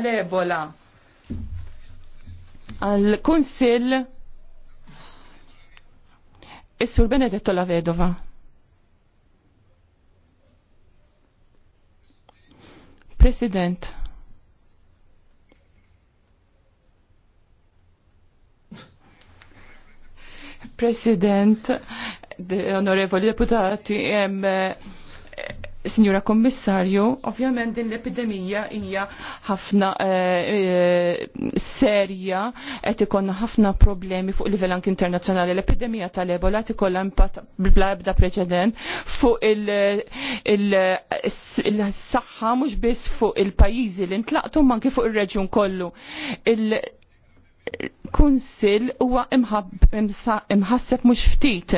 tal-Ebola. Għal-Kunsil Is-Sur Benedetto la Vedova. President. President, onorevoli deputati, em, Signora Kommissarju, ovvjament din l-epidemija hija ħafna eh, eh, serja qed ikollna ħafna problemi fuq livell anke internazzjonali. L-epidemija tal-Ebola qed ikollha impatt bla ebda preċedent fuq il-saħħa mhux biss fuq il-pajjiżi li ntlaqtu anke fuq ir-reġjun kollu kunsil huwa imħasseb mhux ftit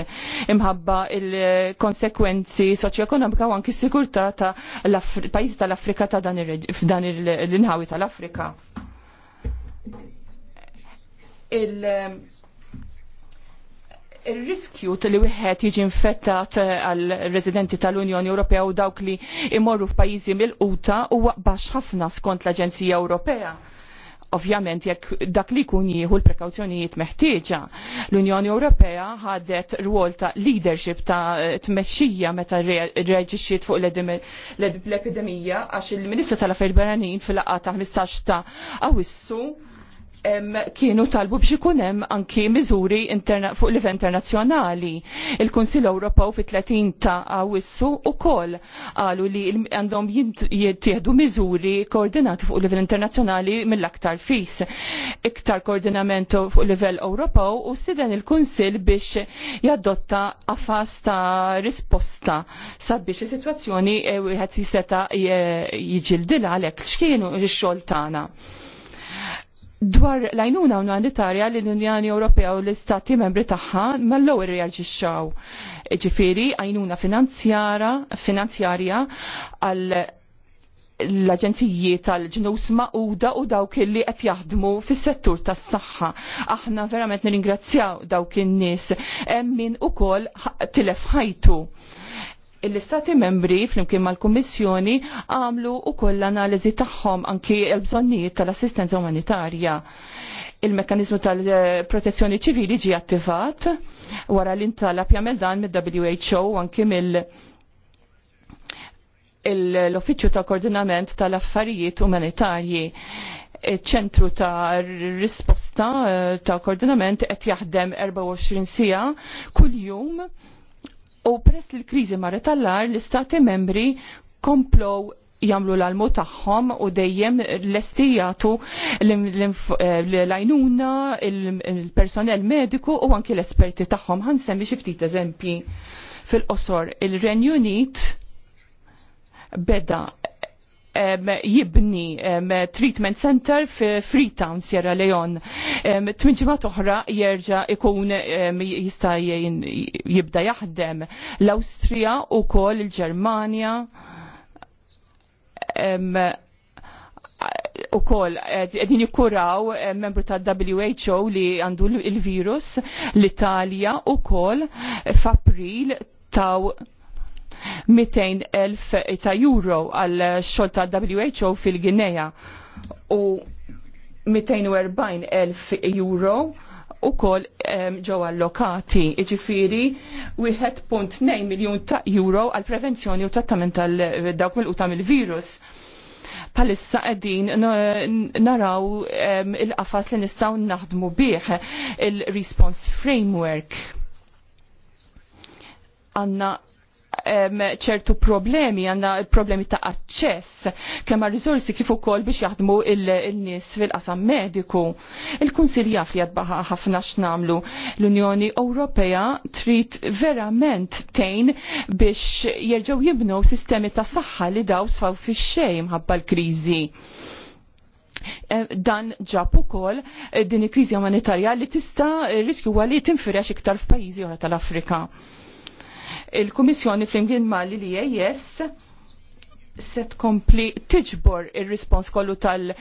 imħabba il-konsekwenzi soċjoekonomika u anki s-sigurtà ta' l-pajjiżi tal-Afrika ta' dan l-inħawi tal-Afrika. Il-riskju li wieħed jiġi infettat għal residenti tal-Unjoni Ewropea u dawk li imorru f'pajjiżi mill-quta huwa baxx ħafna skont l-Aġenzija Ewropea ovvjament jekk dak li kun jieħu l-prekawzjonijiet meħtieġa. L-Unjoni Ewropea ħadet rwol ta' leadership ta' tmexxija meta reaġixxiet fuq l-epidemija għax il-Ministru tal-Affarijiet Barranin fil-laqgħa ta' 15 ta' Awissu kienu talbu biex ikun hemm anki miżuri fuq livell internazzjonali. Il-Kunsill Ewropew fit-30 ta' Awwissu ukoll qalu li għandhom jittieħdu miżuri koordinati fuq livell internazzjonali mill-aktar fis. Iktar koordinamentu fuq livell Ewropew u siden il-Kunsill biex jadotta affas ta' risposta sabiex is-sitwazzjoni e, wieħed jiseta' jiġildilha għalhekk x'kienu x-xogħol tagħna dwar l-għajnuna umanitarja li l-Unjoni Ewropea u l-Istati membri tagħha mallow lower reaġixxaw. għajnuna finanzjara finanzjarja għal l-aġenziji tal-ġnus maquda u dawk li qed jaħdmu fis-settur tas-saħħa. Aħna verament nirringrazzjaw dawk in-nies hemm min ukoll tilef ħajtu l-istati membri flimkien mal-Kummissjoni għamlu u koll analiżi tagħhom anki l-bżonnijiet tal-assistenza umanitarja. il mekanizmu tal-protezzjoni ċivili ġi attivat wara l-intalab jagħmel dan mid-WHO anki mill- l-Uffiċċju ta' Koordinament tal-Affarijiet Umanitarji ċentru ta' risposta eh, ta' koordinament qed jaħdem 24 sija kuljum jum U press l-krizi marret tal-lar l-istati membri komplow jamlu l-almu taħħom u dejjem l-estijatu l-ajnuna, eh, il-personel mediku u anki l-esperti taħħom. Għan semmi xiftit eżempji fil-qosor. Il-Renju Unit beda jibni treatment center fi Freetown, Sierra Leone. Tminġimat oħra jirġa ikun jista jibda jaħdem l-Austria u kol il-Germania u kol edin jikuraw membru ta' WHO li għandu il-virus l-Italja u kol f'April ta' 200.000 ta' euro għal xolta ta' WHO fil-Ginea u 240.000 euro u kol ġo allokati. Iġifiri, 1.2 miljon ta' euro għal prevenzjoni u trattament għal eh, dawk mill-utam il-virus palissa għedin naraw um, il-qafas li nistaw naħdmu bih il-response framework. Għanna ċertu problemi, għandna problemi ta' aċċess kemm rizorsi riżorsi kif ukoll biex jaħdmu il-nies fil-qasam mediku. Il-Kunsil jaf li jadbaħa ħafna x'namlu. L-Unjoni Ewropea trid verament tejn biex jerġgħu jibnu sistemi ta' saħħa li daw sfaw fix-xejn mħabba l-kriżi e, dan ġab ukoll din il-kriżi umanitarja li tista' riskju għalli tinfirex iktar f'pajjiżi oħra tal-Afrika il-Kummissjoni flimkien mali li jes se tkompli tiġbor ir-rispons kollu tal-Unjoni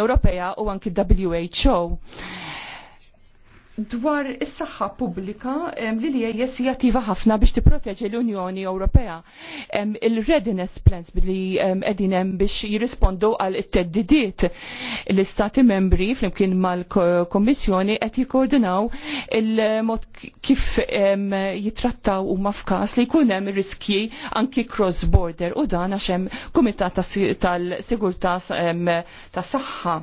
eh, Ewropea u anki WHO dwar is-saħħa pubblika li li hija jattiva ħafna biex tipproteġi l-Unjoni Ewropea. Il-readiness plans li qegħdin hemm biex jirrispondu għal it-teddidiet l-istati membri flimkien mal-Kommissjoni qed jikkoordinaw il-mod kif jitrattaw huma f'każ li jkun hemm riskji anki cross border u dan għax hemm kumitat tal-sigurtà tas-saħħa.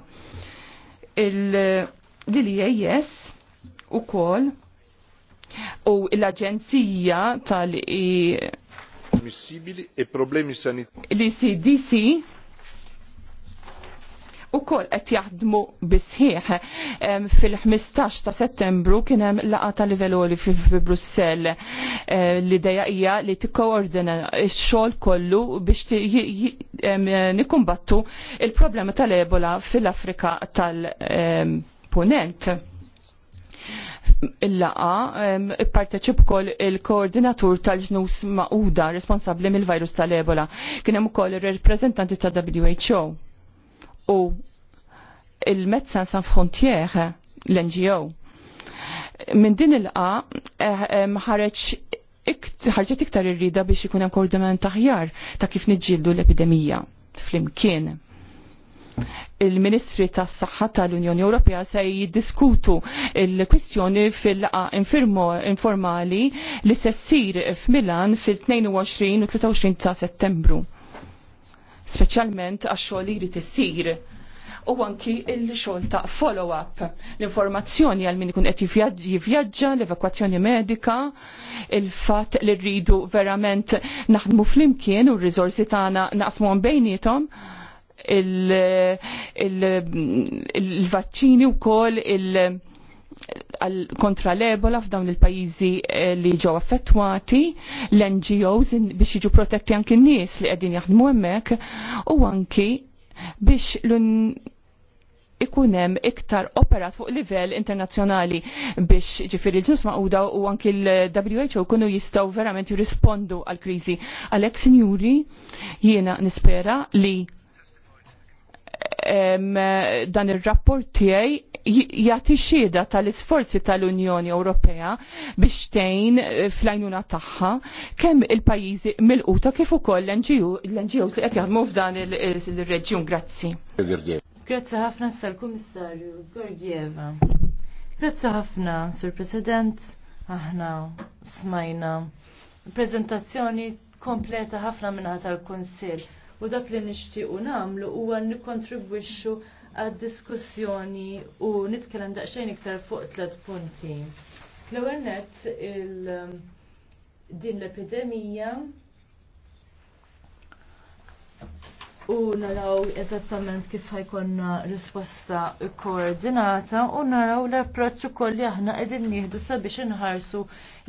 Il-LIAS u kol u l-Aġenzija tal missibili e problemi sanitari. l icdc u kol qed jaħdmu bisħiħ fil-15 ta' settembru kien hemm laqa ta' livelloli fi Brussell l-idea hija li tikkoordina x-xogħol kollu biex nikumbattu il-problema tal-ebola fil-Afrika tal-Punent il-laqa ipparteċib kol il-koordinatur tal-ġnus ma'uda responsabli mill-virus tal-ebola. Kien hemm ukoll ir-rappreżentanti ta' WHO u il-Medecins San Frontier, l-NGO. Min din il-laqa eh, ħareġ ħarġet iktar irrida biex ikun hemm koordinament aħjar ta' kif niġġieldu l-epidemija flimkien il-Ministri tas saħħa tal-Unjoni Ewropea se jiddiskutu il-kwistjoni fil-laqa informali li se ssir f'Milan fil-22 u 23 ta' Settembru. Speċjalment għax-xogħol li jrid u anki il-xogħol ta' follow-up. L-informazzjoni għal min ikun qed jivvjaġġa, l-evakwazzjoni medika, il-fatt li rridu verament naħdmu flimkien u r-riżorsi tagħna naqsmuhom bejnietom il-vaċċini u kol il- kontra l-ebola f'dawn il-pajizi eh, li ġew affettwati, l-NGOs biex jiġu protetti anki n-nies li qegħdin jaħdmu hemmhekk u anki biex ikun hemm iktar operat fuq livell internazzjonali biex ġifiri l ġus maquda u anki l-WHO kunu jistgħu verament jirrispondu għall kriżi Għalhekk sinjuri jiena nispera li dan ir-rapport tiegħi jagħti xhieda tal-isforzi tal-Unjoni Ewropea biex tgħin eh, fl-għajnuna tagħha kemm il-pajjiżi milquta kif ukoll l-NGOs li qed jaħdmu f'dan eh, il-reġjun. Grazzi. Grazzi ħafna sal-Kummissarju Gorgieva. Grazzi ħafna, Sur President, aħna smajna prezentazzjoni kompleta ħafna minna tal-Kunsill u dak li nixtiequ nagħmlu huwa nikkontribwixxu għad-diskussjoni u nitkellem daqsxejn iktar fuq tliet punti. L-ewwel nett il din l-epidemija u naraw eżattament kif ħajkonna risposta koordinata u naraw l-approċċ ukoll li aħna qegħdin nieħdu sabiex inħarsu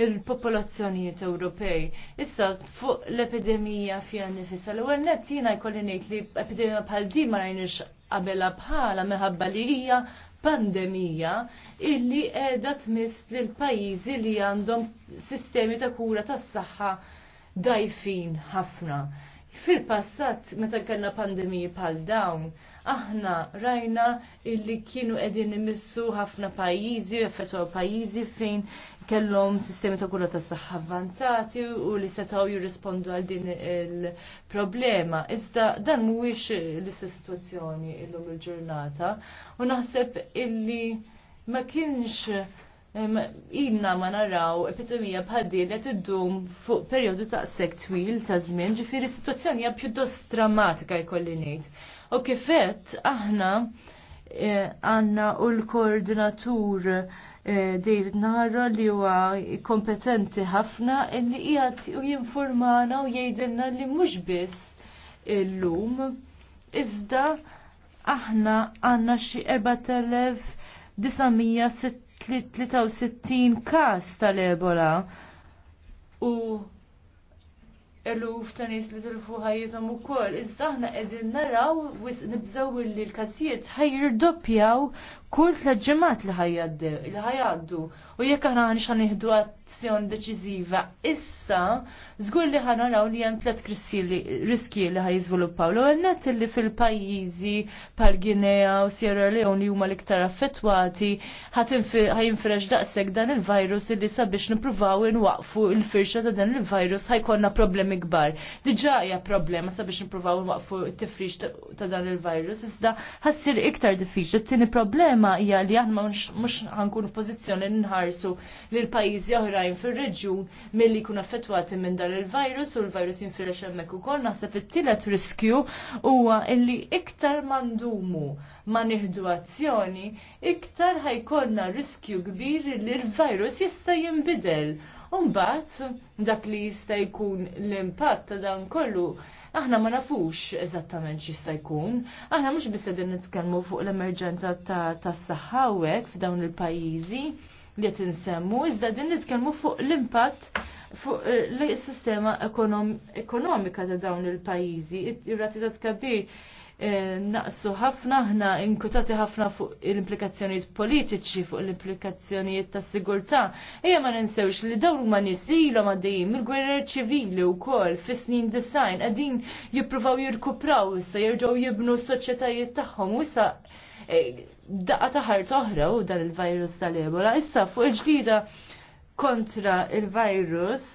il-popolazzjonijiet Ewropej. Issa fuq l-epidemija fija nifisa l-ewwel nett jiena jkolli ngħid li epidemija bħal din ma rajniex qabelha bħala minħabba li hija pandemija illi qiegħda tmiss lil pajjiżi li għandhom sistemi ta' kura tas-saħħa dajfin ħafna. Fil-passat, meta kellna pandemiji bħal dawn, aħna rajna illi kienu qegħdin imissu ħafna u effettwaw pajjiżi fejn kellhom sistemi ta' kura ta' saħħa avvanzati u li setgħu jirrispondu għal din il-problema. Iżda dan mhuwiex l-istess sitwazzjoni illum il-ġurnata u naħseb illi ma kienx Ilna ma naraw epidemija bħaddi li tiddum fuq periodu ta' sek twil ta' żmien, ġifieri situazzjoni hija pjuttost drammatika jkolli ngħid. U kifet aħna e, għanna u l-koordinatur e, David Narra li huwa kompetenti ħafna illi qiegħed u jinformana u jgħidilna li mhux biss illum iżda aħna għandna xi 4906 63 kas tal-ebola u eluf ta' nies li tilfu ħajjithom ukoll. Iżda aħna qegħdin naraw nibżgħu li l-każijiet doppjaw kull li ġimgħat li ħajgħaddu u jekk aħna ħanix ħanieħdu azzjoni deċiżiva issa żgur li ħana raw li hemm tliet riski li ħajjiżviluppaw. L-ewwel nett li fil-pajjiżi bħal Ginea u Sierra Leone huma l-iktar affettwati ħajinfreġ daqshekk dan il-virus li sabiex nippruvaw inwaqfu l-firxa ta' dan il-virus ħajkonna problemi kbar. Diġà hija problema sabiex nippruvaw nwaqfu t tifrix ta' dan il-virus issa ħassir iktar diffiċli. Tieni problema problema hija li aħna mhux ħankunu f'pożizzjoni nħarsu lil pajjiżi oħrajn fir-reġjun milli jkun affettwati minn dan il-virus u l-virus jinfirex hemmhekk ukoll naħseb it-tielet riskju huwa illi iktar mandumu ma nieħdu azzjoni, iktar ħajkonna riskju kbir li l-virus jista' jinbidel. Umbat, dak li jista' jkun l-impatt ta' dan kollu aħna ma nafux eżattament xi x'issa jkun. Aħna mhux biss qegħdin nitkellmu fuq l-emerġenza tas-saħħa hawnhekk f'dawn il-pajjiżi li qed insemmu, iżda din nitkellmu fuq l-impatt fuq eh, l-sistema ekonomika ta' dawn il-pajjiżi. Ir-rati ta' tkabbir naqsu ħafna ħna inkutati ħafna fuq l-implikazzjonijiet politiċi, fuq l-implikazzjonijiet ta' sigurtà. Ejja ma ninsewx li dawn huma nies li ilhom għaddejjin mill-gwerer ċivili wkoll fis-snin design qegħdin jippruvaw jirkupraw issa jerġgħu jibnu s-soċjetajiet tagħhom u issa e, daqqa taħar toħra u dan il-virus tal-ebola issa fuq il ġdida kontra il-virus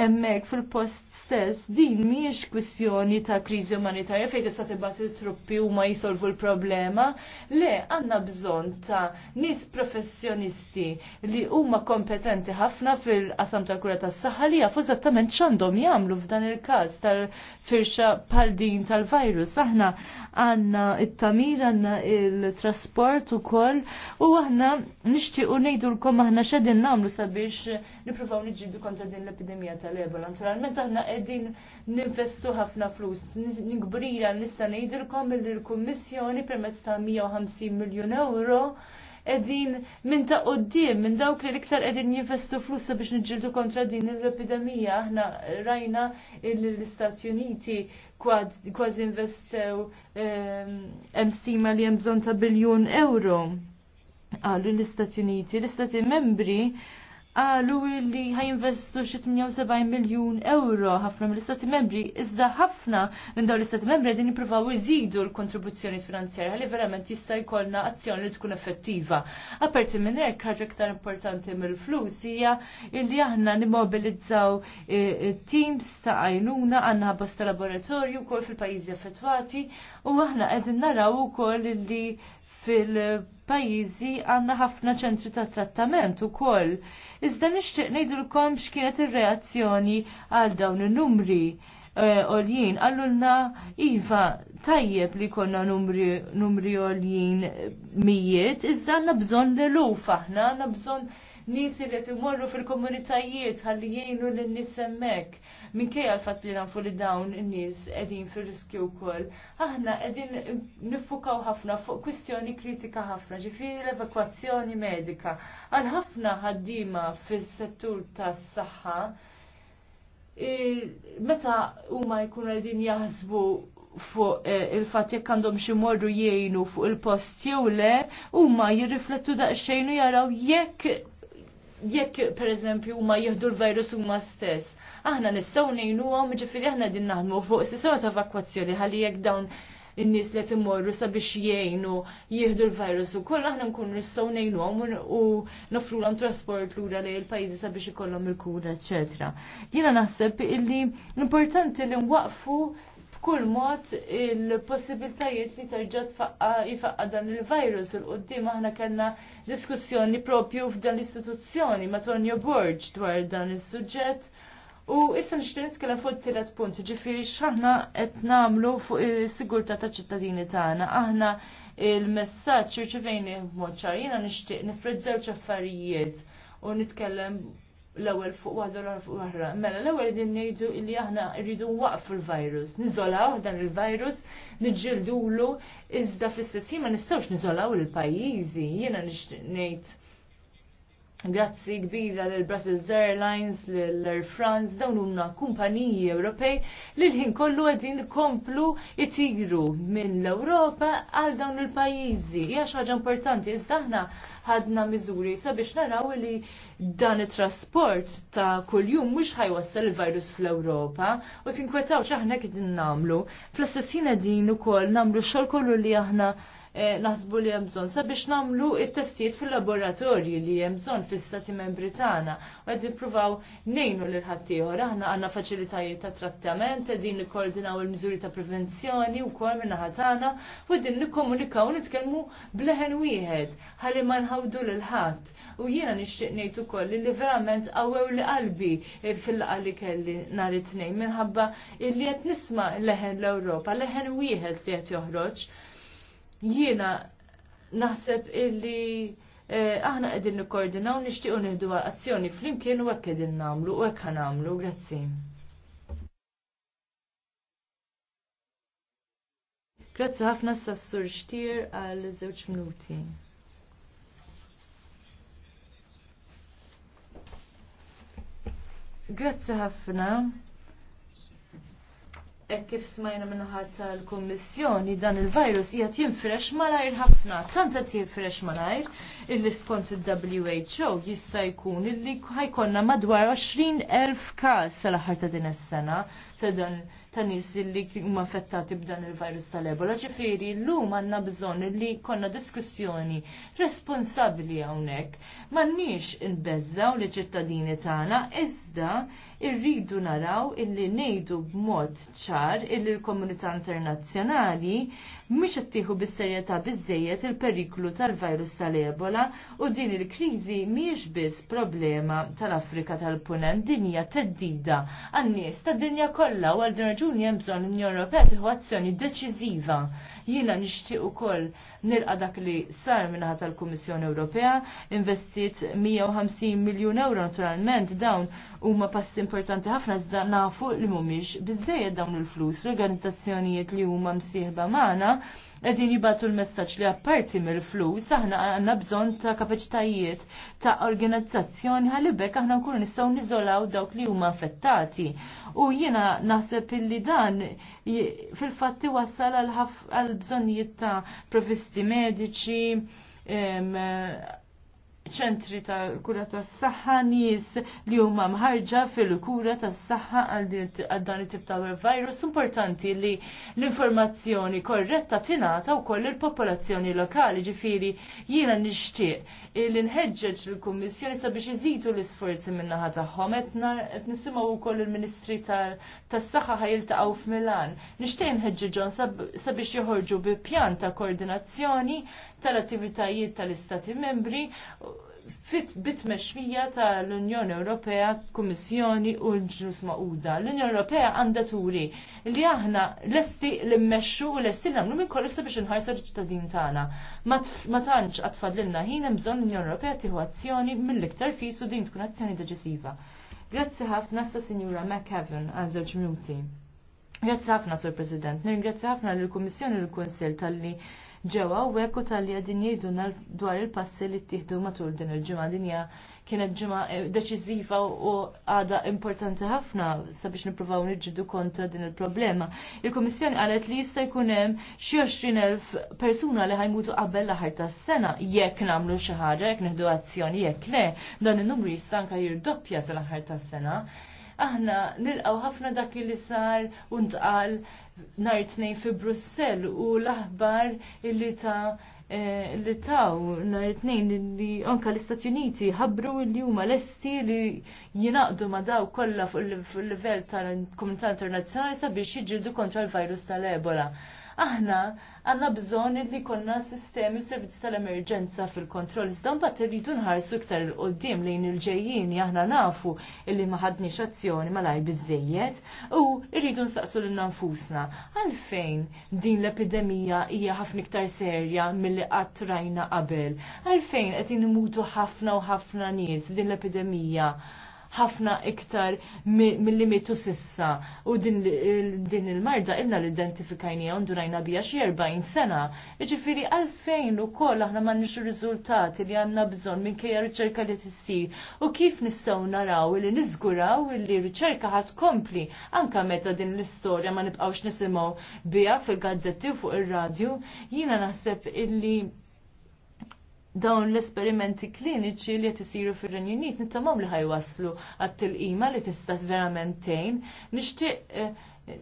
emmek fil-post stess din mhijiex kwistjoni ta' kriżi umanitarja fejn tista' tibgħat it-truppi huma jisolvu l-problema. Le, għandna bżonn ta' nies professjonisti li huma kompetenti ħafna fil-qasam ta' kura tas-saħħa li jafu eżattament x'għandhom jagħmlu f'dan il-każ tal-firxa bħal din tal-virus. Aħna għandna it-tamir għandna il-trasport ukoll u aħna nixtiequ ngħidulkom aħna x'edin nagħmlu sabiex nippruvaw niġġieldu kontra din l-epidemija tal-ebola. Naturalment aħna qegħdin ninvestu ħafna flus. Nikbrira nista' ngħidilkom li l-Kummissjoni permezz ta' 150 miljun euro qegħdin minn ta' qudiem minn dawk li l-iktar qegħdin jinvestu flus biex niġġieldu kontra din l-epidemija. Aħna rajna l-Istati Uniti kważi investew ehm, hemm stima li hemm bżonn ta' biljun euro. Għallu l-Istati Uniti, l-Istati Membri għalu li ħajinvestu xie 78 miljun euro ħafna mill-istati membri, iżda ħafna minn dawn l-istati membri għedin jiprofaw iżidu l-kontribuzzjoni finanzjarja li verament jista' jkollna azzjoni li tkun effettiva. Aperti minn hekk ħaġa aktar importanti mill-flus hija li aħna nimmobilizzaw eh, eh, teams ta' għajnuna għandna bosta laboratorju wkoll fil-pajjiżi affettwati u aħna qegħdin naraw ukoll li fil- pajjiżi għandna ħafna ċentri ta' trattament ukoll. Iżda nixtieq ngħidulkom x'kienet ir-reazzjoni għal dawn il numri eh, Oljien, għallulna Iva, tajjeb li konna numri oljien eh, mijiet, iżda għanna bżon l-luf aħna, għanna bżon nisi li t-imorru fil-komunitajiet għalli jgħinu l-nis emmek minkejja l-fatt li nafu li dawn in-nies qegħdin fir-riskju wkoll. Aħna qegħdin niffukaw ħafna fuq kwistjoni kritika ħafna, ġifieri l-evakwazzjoni medika. Għal ħafna ħaddiema fis-settur tas-saħħa meta huma jkunu qegħdin jaħsbu fuq eh, il-fatt jekk għandhom xi morru jgħinu fuq il-post jew le, huma jirriflettu daqsxejn u jaraw jekk jekk per huma jieħdu l-virus huma stess aħna nistgħu għom ġifiri aħna din naħdmu fuq sistema ta' evakwazzjoni ħalli jekk dawn in-nies li timmorru sabiex jgħinu jieħdu l-virus u koll aħna nkunu nejnu għom u l-għom trasport lura li l pajjiżi sabiex ikollhom il-kura, eċetera. Jiena naħseb illi importanti li nwaqfu b'kull mod il-possibiltajiet li terġa' jifaqqa dan il-virus il qoddim aħna kellna diskussjoni propju f'dan l-istituzzjoni ma' Tonio Borg dwar dan is-suġġett U issa nixtieq nitkellem fuq it-tielet punti, ġifieri x'aħna qed nagħmlu fuq is-sigurtà taċ-ċittadini tagħna. Aħna il-messaġġ irċivejni b'mod ċar jiena nixtieq nifred żewġ affarijiet u nitkellem l-ewwel fuq waħda l fuq waħra. Mela l-ewwel din ngħidu li aħna rridu waqfu l-virus, niżolaw dan il-virus, niġġildulu iżda fl-istess ma nistgħux niżolaw il-pajjiżi. Jiena nixtieq ngħid Grazzi kbira l Brussels Airlines, l-Air France, dawn huma kumpaniji Ewropej li l-ħin kollu għedin komplu jitiru minn l-Ewropa għal dawn il-pajjiżi. Hija xi ħaġa importanti iżda aħna ħadna miżuri sabiex naraw li dan it-trasport ta' kuljum mhux ħajwassal il-virus fl-Ewropa u tinkwetaw x'aħna qegħdin nagħmlu. Fl-istess ħin qegħdin ukoll nagħmlu xogħol kollu li aħna Eh, naħsbu li hemm bżonn sabiex nagħmlu it-testijiet fil-laboratorji li hemm bżonn fis-stati membri tagħna u qed nippruvaw ngħinu lil ħaddieħor aħna għandna faċilitajiet ta' trattament qegħdin nikkoordinaw il-miżuri ta' prevenzjoni wkoll min-naħa tagħna u qegħdin nikkomunikaw nitkellmu bleħen wieħed ħalli ma nħawdu lil ħadd. U jiena nixtieq ngħid ukoll li verament qawwew li qalbi fil-laqa li kelli nhar it-tnejn minħabba li qed nisma' leħen l-Ewropa, leħen wieħed li qed joħroġ jiena naħseb illi eh, aħna qegħdin nikkoordinaw nixtiequ nieħdu azzjoni flimkien u hekk qegħdin nagħmlu u hekk ħanamlu. Grazzi. Grazzi ħafna s-sassur xtir għal żewġ minuti. Grazzi ħafna e kif smajna minnaħat tal-Kommissjoni dan il-virus jgħat jinfresh malajr ħafna, tant qed jinfresh malajr illi skont il-WHO jista' jkun illi ħajkonna madwar 20,000 każ sal ħarta ta' din is-sena ta' dan ta' nies li huma affettati b'dan il-virus tal-ebola. Ġifieri llum għandna bżonn li konna diskussjoni responsabbli hawnhekk. M'għandniex inbeżżaw li ċittadini tagħna iżda irridu naraw illi ngħidu b'mod ċar illi l-komunità internazzjonali mhux qed tieħu bis-serjetà biżejjed il-periklu tal-virus tal-Ebola u din il-kriżi mhijiex biss problema tal-Afrika tal-Punent din hija teddida għan-nies tad-dinja kollha u għal din raġuni hemm bżonn l-Unjoni Ewropea tieħu azzjoni deċiżiva Jiena nixtieq ukoll nilqa dak li sar minnaħa tal-Kummissjoni Ewropea, investit 150 miljun euro naturalment dawn huma passi importanti ħafna iżda nafu li mhumiex biżejjed dawn il-flus l organizzazzjonijiet li huma msieħba magħna qegħdin jibatu l-messaġġ li apparti mill-flus aħna għandna bżonn ta' kapaċitajiet ta' organizzazzjoni ħalibek aħna nkunu nistgħu niżolaw dawk li huma affettati. U jiena naħseb illi dan fil-fatt wassal għal bżonnijiet ta' provisti mediċi, ċentri ta' kura ta' s-saxħa nis li huma mħarġa fil-kura ta' s-saxħa għal dan it-tip ta' virus importanti li l-informazzjoni korretta tinata u koll il-popolazzjoni lokali ġifiri jiena nixtieq li nħeġġeġ l-Kummissjoni sabiex iżidu l-isforzi minnaħa tagħhom qed nisimgħu wkoll il-Ministri tas-saħħa ħajiltaqgħu f'Milan. Nixtieq nħeġġeġhom sabiex joħorġu bi pjan ta' koordinazzjoni tal-attivitajiet tal-Istati membri fit ta' tal-Unjoni Ewropea, Kummissjoni u l-Ġnus Maquda. L-Unjoni Ewropea għandha turi li aħna lesti li mmexxu u lesti nagħmlu minn kollu sabiex inħarsu l-ċittadin tagħna. Ma tantx l-inna ħin hemm bżonn l-Unjoni Ewropea tieħu azzjoni mill-iktar fisu din tkun azzjoni deċisiva. Grazzi ħafna sa Sinjura McHaven għal żewġ minuti. Grazzi ħafna, Sur President. Nirringrazzi ħafna lill-Kummissjoni u l-Kunsill tal-li ġewwa għek u tal din qegħdin dwar il-passi li ttieħdu matul din il-ġimgħa dinja kienet ġimgħa eh, deċiżiva u għada importanti ħafna sabiex nippruvaw niġġidu kontra din il-problema. Il-Kummissjoni qalet li jista' jkun hemm xi 20,000 persuna li ħajmutu qabel l ta' tas-sena jekk nagħmlu xi ħaġa, jekk neħdu azzjoni, jekk le, dan in-numru jista' anka jirdoppja sal-aħar tas-sena aħna nilqaw ħafna dak li sar u ntqal nhar it-tnejn fi Brussell u l-aħbar illi ta' eh, li taw nhar it-tnejn li onka l-Istati Uniti ħabbru li huma lesti li jingħaqdu ma' daw kollha fuq il tal-Komunità Internazzjonali sabiex jiġġieldu kontra l-virus tal-Ebola. Aħna għanna bżon li konna sistemi u servizzi tal-emerġenza fil-kontroll. Iżda mbagħad irridu nħarsu iktar il-qoddim lejn il-ġejjin aħna nafu illi ma ħadniex azzjoni malaj bizzejiet u rridu nsaqsu lil nafusna. Għalfejn din l-epidemija hija ħafna iktar serja milli qatt rajna qabel. Għalfejn qed mutu ħafna u ħafna nies din l-epidemija ħafna iktar mill-limitu sissa u din il-marda ilna l-identifikajnija durajna bija xi 40 sena. Iġifieri għalfejn ukoll aħna m'għandniex ir rizultati li għandna bżonn minkejja riċerka li tissir u kif nistgħu naraw li niżguraw li riċerka ħat kompli anka meta din l-istorja ma nibqgħux nisimgħu biha fil-gazzetti u fuq ir-radju, jiena naħseb illi dawn l-esperimenti kliniċi li qed isiru fir-Renju Unit nittamhom li ħajwaslu għat-tilqima li tista' verament tgħin. Nixtieq eh,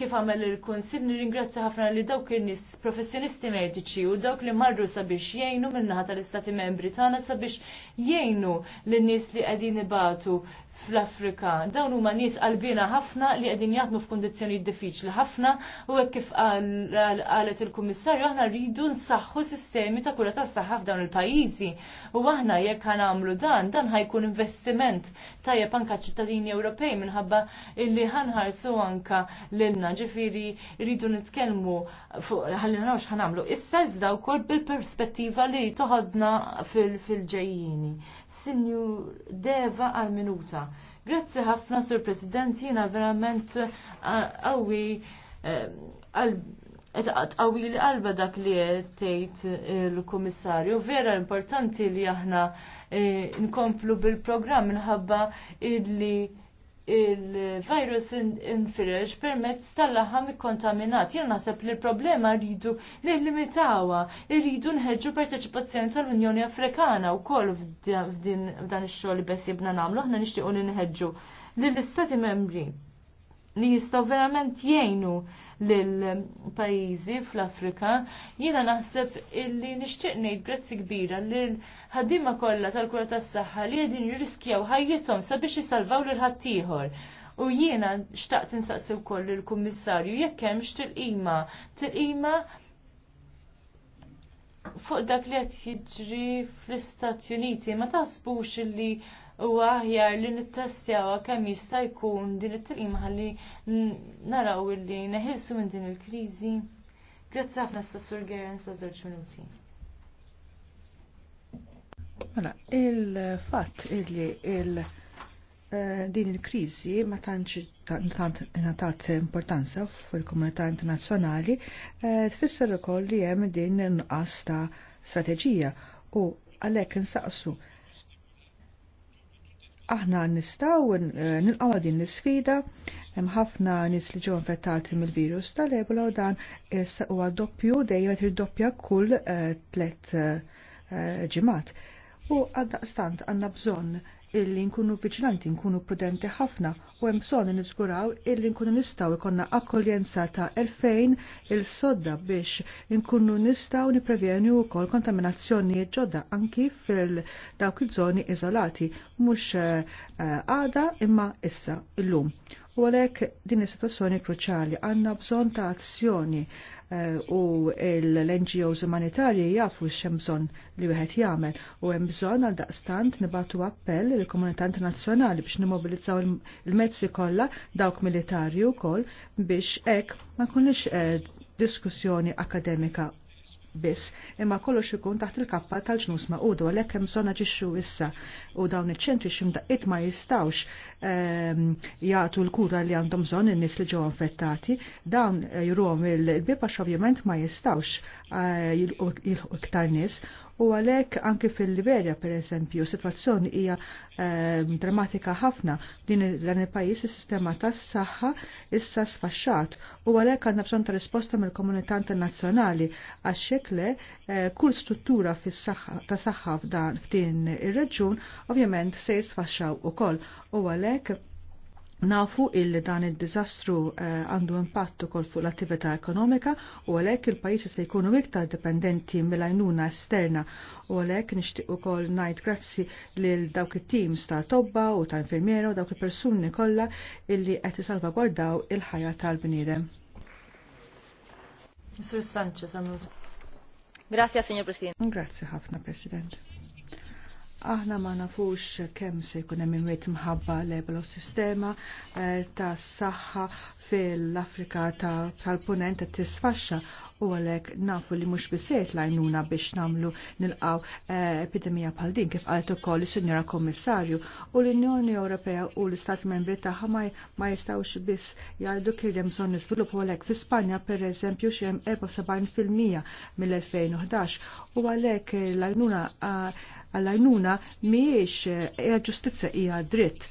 kif għamel il-Kunsill nirringrazzja ħafna li dawk in-nies professjonisti mediċi u dawk li marru sabiex jgħinu minnaħa tal-Istati Membri tagħna sabiex jgħinu lin-nies li qegħdin ibatu fl-Afrika. Dawn huma nies qalbina ħafna li qegħdin jaħdmu f'kundizzjonijiet diffiċli ħafna u hekk kif qalet il-Kummissarju aħna rridu nsaħħu sistemi ta' kura tas-saħħa f'dawn il-pajjiżi. U aħna jekk ħanamlu dan, dan ħajkun investiment tajjeb anka ċittadini Ewropej minħabba illi ħanħarsu anka lilna ġifieri rridu nitkellmu fuq ħalli nagħmlu issa iżda wkoll bil-perspettiva li toħodna fil-ġejjini. Fil Sinjur Deva għal minuta. Grazzi ħafna, Sur President, jina verament eh, għawi eh, għawi li qalba dak li tgħid eh, l-Kummissarju. Vera importanti li aħna nkomplu bil-programm minħabba illi il-virus infirex permezz tal-laħam ikkontaminat. Jena naħseb li l-problema rridu limitawa, rridu nħedġu parteċipazzjoni tal-Unjoni Afrikana u koll f'dan ix xol li jibna nagħmlu, aħna nixtiequ li nħedġu lill-Istati Membri li jistgħu verament jgħinu lill-pajjiżi fl-Afrika, jiena naħseb illi nixtieq ngħid grazzi kbira lil ħaddimma kollha tal-kura tas-saħħa li qegħdin jiriskjaw ħajjetom sabiex jisalvaw lil ħattijħor U jiena xtaqt insaqsi wkoll il-Kummissarju jekk hemm xtilqima, tilqima fuq dak li qed jiġri fl-Istati Uniti ma taħsbux illi u aħjar li nittestjawa kemm jista' jkun din it-tilqima ħalli naraw illi neħilsu minn din il-kriżi. Grazzi ħafna sassur Gerin sa' żewġ minuti. Mela, il-fatt illi il- eh, din il-krizi ma tantx natat importanza fil-komunità internazzjonali eh, tfisser ukoll li hemm din inqas ta' strateġija u għalhekk insaqsu aħna nistaw nilqaw din l-sfida hemm ħafna nies li ġew infettati mill-virus tal-ebola u dan huwa doppju dejjem qed doppja kull eh, tliet eh, eh, ġimat. U għaddaqstant għandna bżonn illi nkunu viċinanti nkunu prudenti ħafna u hemm bżonn niżguraw illi nkunu nistgħu ikonna akkoljenza ta' elfejn il-sodda biex nkunu nistgħu niprevjeni wkoll kontaminazzjoni ġodda anki fil dawk iż-żoni iżolati mhux eh, għada imma issa illum. U għalek din is kruċali għanna għandna bżonn ta' azzjoni eh, u l-NGOs umanitarji jafu x'hemm bżonn li wieħed jagħmel u hemm bżonn għal daqstant nibatu appell lill komunità internazzjonali biex nimmobilizzaw il-mezzi kollha dawk militarju wkoll biex hekk ma jkunx eh, diskussjoni akademika biss, imma kollox ikun taħt il-kappa tal-ġnus ma' maqudu għalhekk hemm bżonn ġixxu issa u dawn iċ-ċentri x'imdaqqiet ma jistgħux ehm, jagħtu l-kura li għandhom bżonn in-nies li ġew infettati, dawn eh, jruhom il-biba ovvjament ma jistgħux eh, jilqu iktar nies U għalhekk anke fil-Liberja pereżempju sitwazzjoni hija ehm, drammatika ħafna din dan il-pajjiż is-sistema tas-saħħa issa sfaxxat u għalhekk għandna bżonn ta' risposta mill-komunità internazzjonali għax xekle eh, kull struttura ta' saħħa f'dan f'din ir-reġjun ovvjament se jisfaxxaw ukoll u għalhekk Nafu illi dan il-dizastru eh, għandu uh, impatt ukoll fuq l-attività ekonomika u għalhekk il-pajjiżi se jkunu iktar dipendenti mill-għajnuna esterna u għalhekk nixtieq ukoll ngħid grazzi lil dawk it-teams ta' tobba u ta' infirmiera u dawk il-persuni kollha illi qed isalvagwardaw il-ħajja tal-bniedem. Mr. Sanchez, Grazie, signor Presidente. Grazie ħafna, President. Aħna ma nafux kemm se jkun hemm imwiet mħabba l sistema eh, ta' saħħa fil-Afrika tal-punent ta tisfaxxa u għalhekk nafu li mhux biżejjed lajnuna biex nagħmlu nilqaw eh, epidemija bħal din kif qalet ukoll is-Sinjora Kommissarju u l-Unjoni Ewropea u l-Istati Membri tagħha ma jistgħux biss jgħidu kien hemm bżonn niżvilupp għalhekk fi Spanja pereżempju xi hemm 74% mill-2011 u għalhekk l-għajnuna eh, għall-għajnuna miex eh, hija ġustizja hija dritt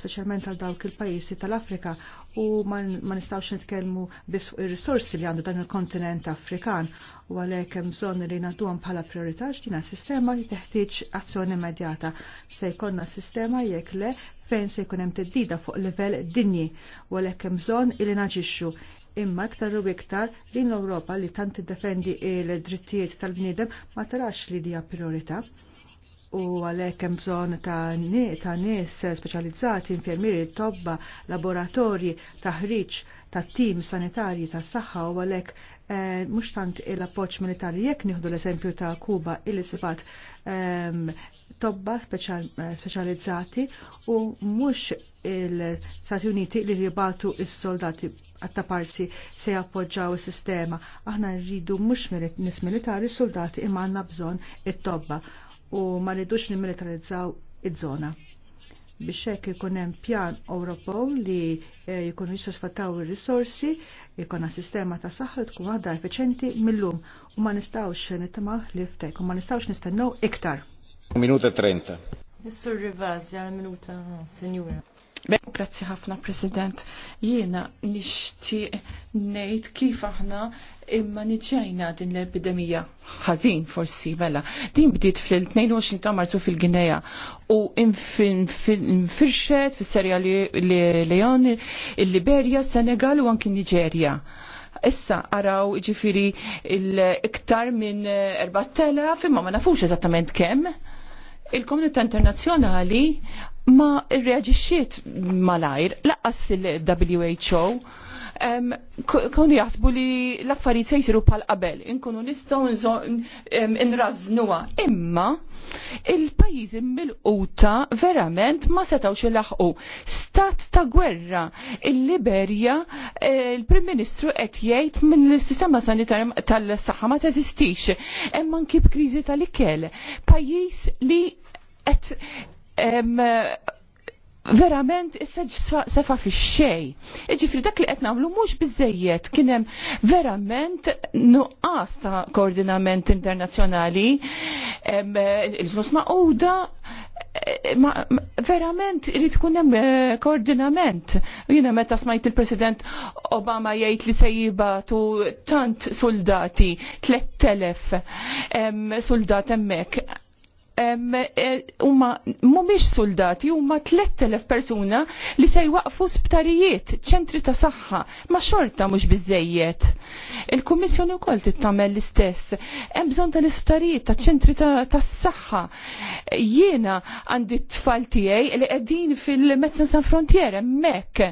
speċjalment għal dawk il-pajjiżi tal-Afrika u ma nistgħux nitkellmu biss fuq ir-risorsi li għandu dan il-kontinent Afrikan u għalhekk hemm bżonn li nagħtuhom bħala priorità x'dina sistema li teħtieġ azzjoni immedjata. Se jkollna sistema jekk le fejn se jkun hemm teddida fuq livell dinji u għalhekk hemm bżonn li naġixxu imma iktar u iktar li l-Ewropa li tant tiddefendi il-drittijiet tal-bniedem ma tarax li dija priorità u għalhekk hemm bżonn ta' ta' nies speċjalizzati, infermieri, tobba, laboratorji, taħriġ ta' tim sanitarji ta' saħħa u għalhekk eh, mhux tant il-appoġġ militari jekk nieħdu l-eżempju ta' Kuba illi sibat ehm, tobba speċjalizzati u mhux il-Stati Uniti li jibatu is-soldati għatta parsi se jappoġġaw is-sistema. Aħna rridu mhux nis militari soldati imma għandna bżonn it-tobba u ma rridux nimilitarizzaw iż-żona biex hekk ikun hemm pjan Ewropew li eh, jkunu jissosfattaw ir-risorsi, jkun sistema ta' saħħa tkun waħda effiċenti millum u ma nistgħux nittamaħ li u ma nistgħux nistennew iktar. Minuta 30. Is-sur Rivazi minuta, Sinjura. Grazzi ħafna, President. Jiena nixtieq ngħid kif aħna imma niġġajna din l-epidemija ħażin forsi mela. Din bdiet fil-22 ta' Marzu fil-Ginea u infirxet fis-Serja Leoni, il-Liberja, Senegal u anki Niġerja issa araw ġifiri iktar minn 4.000 imma ma nafux eżattament kemm il-komunità internazzjonali ma reagisċiet malajr laqqas il-WHO koni jaħsbu li l-affarijiet se jsiru bħal qabel, inkunu nistgħu nraznuha. Imma il-pajjiżi mill-quta verament ma setgħux ilaħqu. Stat ta' gwerra il-Liberja e, il-Prim Ministru qed jgħid minn l-sistema sanitarja tal-saħħa ma teżistix. Hemm anki b'kriżi tal-ikel. Pajjiż li qed verament isseġ sefa fi xej. Iġifri dak li qed nagħmlu mhux bizzejiet, kien hemm verament nuqqas ta' koordinament internazzjonali il-ġnus ma verament li tkun hemm eh, koordinament. Jiena meta smajt il-President Obama jgħid li se jibatu tant soldati 3000 soldat hemmhekk E, umma mhumiex soldati huma 3000 persuna li se jwaqfu sbtarijiet, ċentri ta' saħħa, ma xorta mhux bizzejiet. Il-Kummissjoni wkoll tittamel l-istess. Hemm bżonn l isptarijiet ta' ċentri ta' saħħa. Jiena għandi t-tfal tiegħi li qegħdin fil-Medicine San Frontier hemmhekk.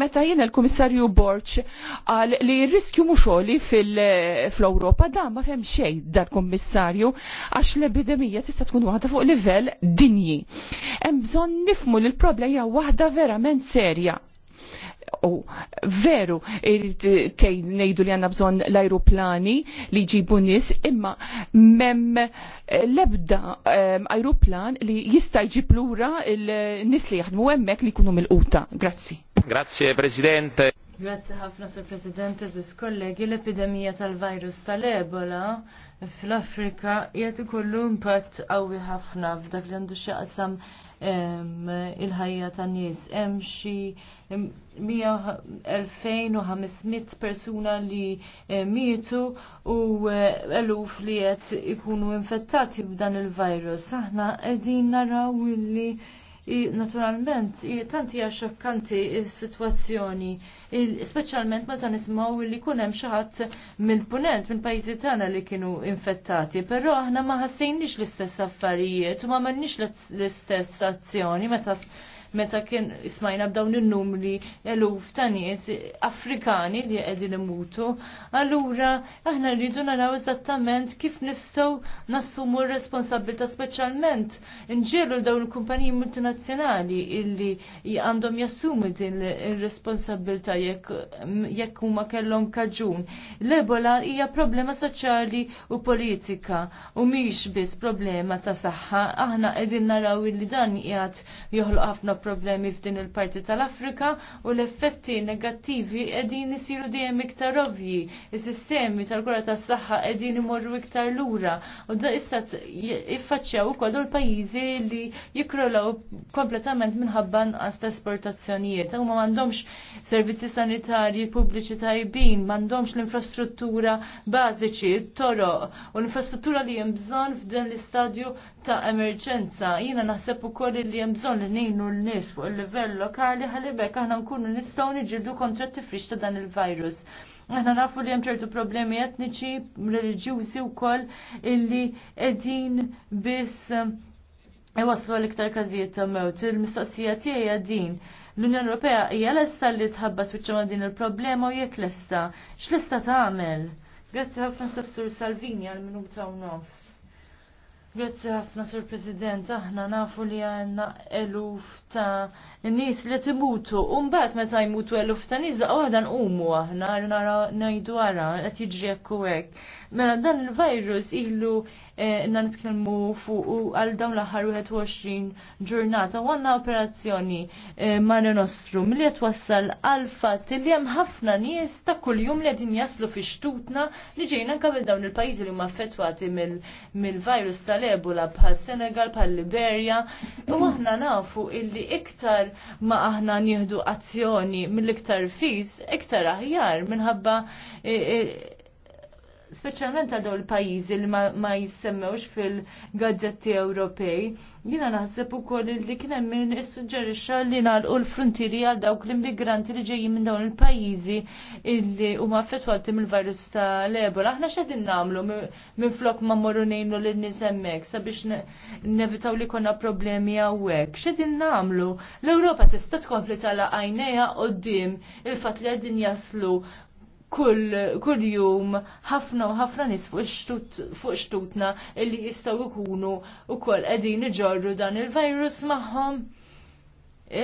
Meta jiena l-Kummissarju Borċ qal li r-riskju muxoli fil-Ewropa da ma fehem xejn dal-Kummissarju għax l-epidemija tista' tkun waħda fuq livell dinji. Hemm bżonn nifmu li l problema hija waħda verament serja. U veru ngħidu li għandna bżonn l-ajruplani li jġibu nies, imma eh, l-ebda eh, ajruplan li jista' jġib lura n-nies li jaħdmu hemmhekk li jkunu mill-quta. Grazzi. Grazie Presidente. Grazie ħafna, Sur President, eżis kollegi, l-epidemija tal-virus tal-Ebola fl-Afrika jgħet ikollu impatt qawwi ħafna f'dak li għandu xaqsam il-ħajja ta' nies. Hemm xi 2500 persuna li eh, mietu u eh, eluf li qed ikunu infettati b'dan il-virus. Aħna qegħdin naraw li naturalment, tanti hija xokkanti s-sitwazzjoni, speċjalment meta nismgħu li kun hemm xi ħadd mill-punent minn pajjiżi tagħna li kienu infettati, però aħna ma ħassejniex l-istess affarijiet u ma m'għandniex l-istess azzjoni meta meta kien ismajna b'dawn in-numri eluf ta' nies Afrikani li qegħdin imutu. Allura aħna rridu naraw eżattament kif nistgħu nassumu r-responsabilità speċjalment nġielu dawn il-kumpaniji multinazzjonali illi għandhom jassumu din ir-responsabilità jekk huma kellhom kaġun. L-Ebola hija problema soċjali u politika u mhix biss problema ta' saħħa, aħna qegħdin naraw illi dan qiegħed joħloq ħafna problemi f'din il-parti tal-Afrika u l-effetti negattivi qegħdin isiru dejjem iktar ovvji. Is-sistemi tal-kura tas-saħħa qegħdin imorru iktar lura u da issa jiffaċċjaw ukoll l-pajjiżi li jikrolaw kompletament minħabba nqas ta' esportazzjonijiet. Huma m'għandhomx servizzi sanitarji pubbliċi tajbin, m'għandhomx l-infrastruttura bażiċi, t-toroq u l-infrastruttura li hemm bżonn f'din l-istadju ta' emerġenza. Jiena naħseb ukoll li hemm bżonn li ninu l nies fuq il-livell lokali ħalibek aħna nkunu nistgħu niġildu kontra t-tifrix ta' dan il-virus. Aħna nafu li hemm ċertu problemi etniċi, reliġjużi wkoll illi qegħdin biss waslu l-iktar każijiet ta' mewt. Il-mistoqsija tiegħi din l-Unjoni Ewropea hija lesta li tħabbat wiċċa din il-problema u jekk lesta, x'lesta tagħmel? Grazzi ħafna Sassur Salvini għal minuta u nofs. Grazzi ħafna, Sur President, aħna nafu li għanna eluf ta' nis li timutu, me meta jmutu eluf ta' nis, għadan umu aħna, nara najdu għara, għet jġri ekku Mela dan il-virus ilu eh, inna nitkellmu fuq għal dawn l-aħħar 21 ġurnata u għandna operazzjoni eh, Mare Nostrum li qed wassal għal fatt li hemm ħafna nies ta' kuljum li għedin jaslu fi xtutna li ġejna anke minn dawn il-pajjiżi li huma affettwati mill-virus tal-Ebola bħal Senegal, bħal Liberia u aħna nafu illi iktar ma aħna nieħdu azzjoni mill-iktar fis, iktar aħjar minħabba eh, speċjalment għal dawn il-pajjiżi li ma jissemmewx fil-gazzetti Ewropej. Jiena naħseb ukoll li kien hemm min issuġġerixxa li nagħlqu l-frontieri għal dawk l-immigranti li ġejjin minn dawn il-pajjiżi illi huma affettwati mill-virus ta' l-Ebola. Aħna x'qegħdin nagħmlu minn flok ma morru ngħinu lil nies hemmhekk sabiex nevitaw li konna problemi hawnhekk. X'qegħdin nagħmlu? L-Ewropa tista' tkompli tala għajnejha qudiem il-fatt li qegħdin jaslu kull, kull jum ħafna u ħafna nis fuq xtut, fuq xtutna illi jistaw ikunu u koll għedin iġorru dan il-virus maħħom.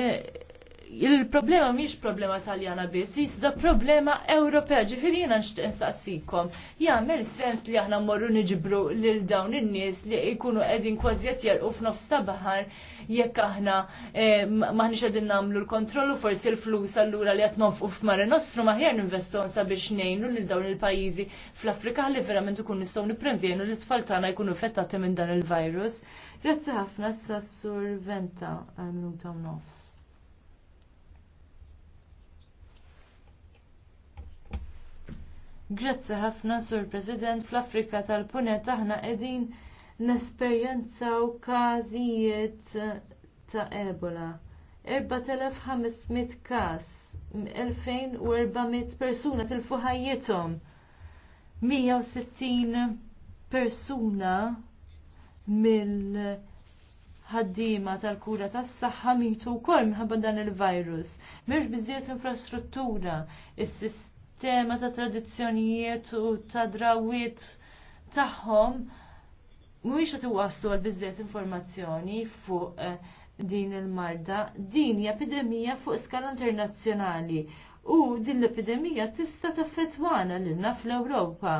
Eh, il-problema miex problema taljana biss, jisda problema Ewropea, ġifiri jena Ja, Jagħmel sens li aħna morru niġibru lil dawn in-nies li jkunu qegħdin kważi qed jarqu f'nofs ta' baħar jekk aħna eh, maħniex qegħdin nagħmlu l-kontrollu forsi l-flus allura li qed nonfqu f'Mare Nostru maħjar ninvestu sabiex ngħinu lil dawn il-pajjiżi fl-Afrika li verament ikun nistgħu nipprevjenu li t-tfal tagħna jkunu fettati minn dan il-virus. Grazzi ħafna sa' Sur Venta għal minuta nofs. Grazzi ħafna sur President fl-Afrika tal-Punet aħna qegħdin nesperjenzaw każijiet ta' Ebola. 4500 każ, 2400 persuna tilfu ħajjithom. 160 persuna mill ħaddiema tal-kura tas-saħħa mitu wkoll minħabba dan il-virus. Mhux bizziet infrastruttura, is-sistema sistema ta' tradizzjonijiet u ta' drawiet tagħhom mhuwiex qed iwasslu għal biżżejjed informazzjoni fuq eh, din il-marda. Din hija epidemija fuq skala internazzjonali u din l-epidemija tista' taffettwana lilna fl-Ewropa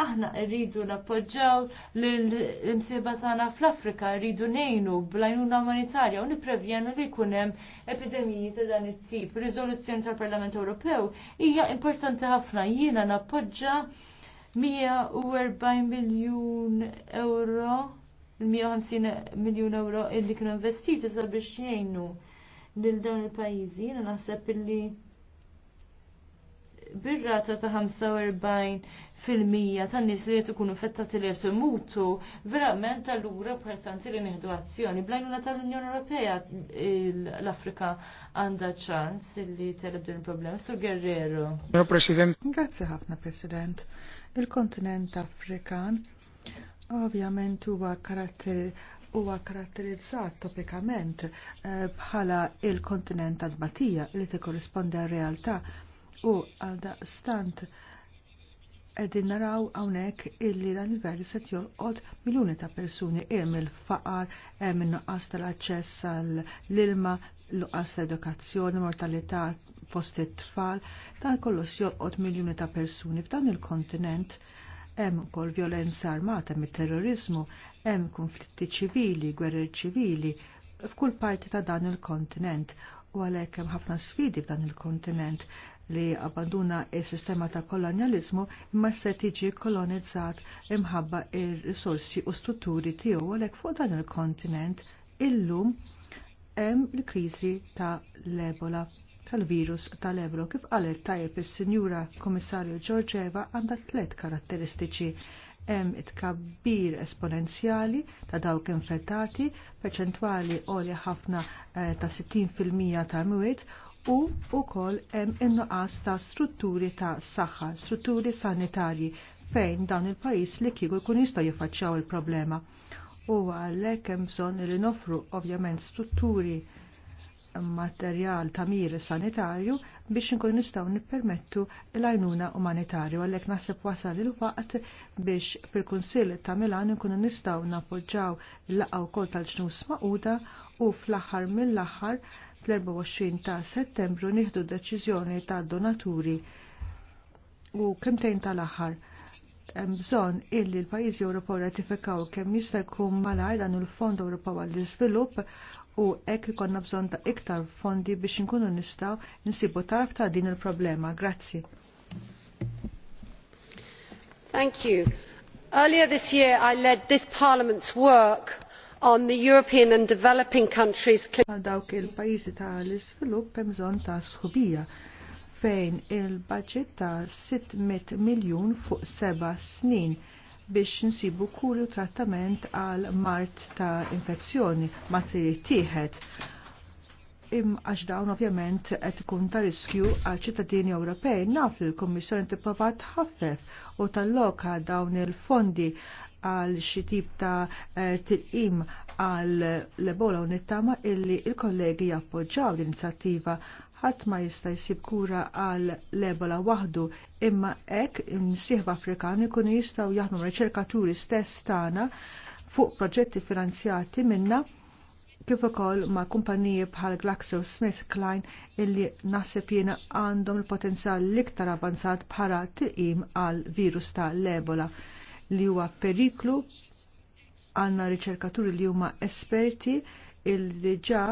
aħna rridu nappoġġaw l-imsiba tagħna fl-Afrika, rridu ngħinu bl-għajnuna umanitarja u nipprevjenu li jkun hemm epidemiji ta' dan it-tip. Riżoluzzjoni tal-Parlament Ewropew hija importanti ħafna jiena nappoġġa 140 miljun euro, 150 miljun euro illi kienu investiti sabiex jgħinu lil dawn il-pajjiżi. Jiena naħseb illi birrata ta' 45 fil-mija tan nies li qed ikunu infettati li qed imutu, verament allura importanti li nieħdu azzjoni. Blajnuna tal-Unjoni Ewropea l-Afrika għandha ċans li teleb din il-problema. Sur Guerrero. No, President. Grazzi ħafna, President. Il-kontinent Afrikan ovvjament huwa karatteri huwa karatterizzat topikament eh, bħala il-kontinent tal-batija li tikkorrispondi għal realtà u għal daqstant stant għedin naraw għawnek illi dan il-verju set jolqot miljoni ta' persuni im il-faqar, hemm il-nuqqas tal-access għall-ilma, l-nuqqas tal-edukazzjoni, mortalità fost it-tfal, dan kollox jolqot miljoni ta' persuni f'dan il-kontinent. Hemm ukoll violenza armata mit-terrorizmu, hemm konflitti ċivili, gwerer ċivili, f'kull parti ta' dan il-kontinent u għalhekk hemm ħafna sfidi f'dan il-kontinent li abbanduna il-sistema ta' kolonializmu imma se tiġi kolonizzat imħabba il-risorsi u strutturi tiegħu għalhekk fuq dan il-kontinent illum hemm il-kriżi ta' l-ebola tal-virus tal ebola kif qalet tajjeb is-Sinjura Komissarju Ġorġeva għandha tliet karatteristiċi hemm it-kabbir esponenzjali ta' dawk infettati, perċentwali għolja ħafna eh, ta' 60% ta' mwiet u wkoll hemm in-nuqqas ta' strutturi ta' saħħa, strutturi sanitarji fejn dawn il-pajjiż li kieku jkun jistgħu jiffaċċjaw il-problema. U għalhekk hemm bżonn li nofru ovvjament strutturi materjal ta' mir sanitarju biex nkun nistgħu nippermettu l-għajnuna umanitarju għalhekk naħseb wasal il-waqt biex fil-Kunsill ta' Milan nkunu nistgħu nappoġġaw l-laqgħa wkoll tal-ġnus maquda u fl-aħħar mill-aħħar fl-24 ta' settembru nieħdu deċiżjoni ta' donaturi u kemtejn tal-aħħar hemm bżonn illi l-pajjiżi Ewropew ratifikaw kemm jista' jkun malajr dan il-Fond Ewropew għall-Iżvilupp u hekk ikonna bżonn ta' iktar fondi biex inkunu nistgħu nsibu tarf ta' din il-problema. Grazzi. Thank you. Earlier this year I led this Parliament's work on the European and developing countries dawk il-pajjiżi ta' l-iżvilupp hemm bżonn ta' sħubija fejn il-budget ta' 600 miljun fuq seba' snin biex nsibu kulu trattament għal mart ta' infezzjoni ma tieħed. Im għax dawn ovvjament qed ikun ta' riskju għal ċittadini Ewropej naf il l-Kummissjoni tipprova tħaffef u talloka dawn il-fondi għal xi tip ta' eh, tilqim għal l-ebola u nittama illi il-kollegi jappoġġaw l-inizjattiva ħadd ma jista' jsib kura għal l-ebola waħdu imma hekk imsieħba Afrikani jkunu jistgħu jaħdmu riċerkaturi stess tagħna fuq proġetti finanzjati minna kif ukoll ma' kumpaniji bħal GlaxoSmithKline illi naħseb jiena għandhom il-potenzjal l-iktar avanzat bħala tilqim għal virus ta' l-ebola li huwa periklu għanna riċerkaturi li huma esperti il ġa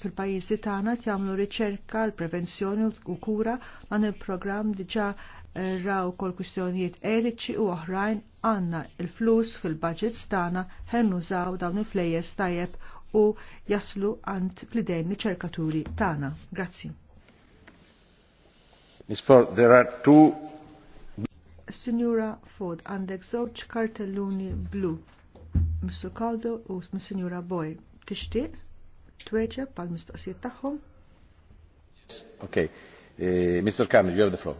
fil-pajjiżi tagħna jagħmlu riċerka l prevenzjoni u kura għan il-programm diġa eh, raw kol kwistjonijiet eriċi u oħrajn għanna il-flus fil-budgets tagħna ħennużaw dawn il-flejjes tajjeb u jaslu għand fl-idejn riċerkaturi tagħna. Grazzi. Ford, there are two Signora Ford, għandek żewġ kartelluni blu. Mr. Caldo u Signora Boy. Tixtieq? Tweġeb għal mistoqsijiet tagħhom? Okay. Uh, Mr. Kamil, you have the floor.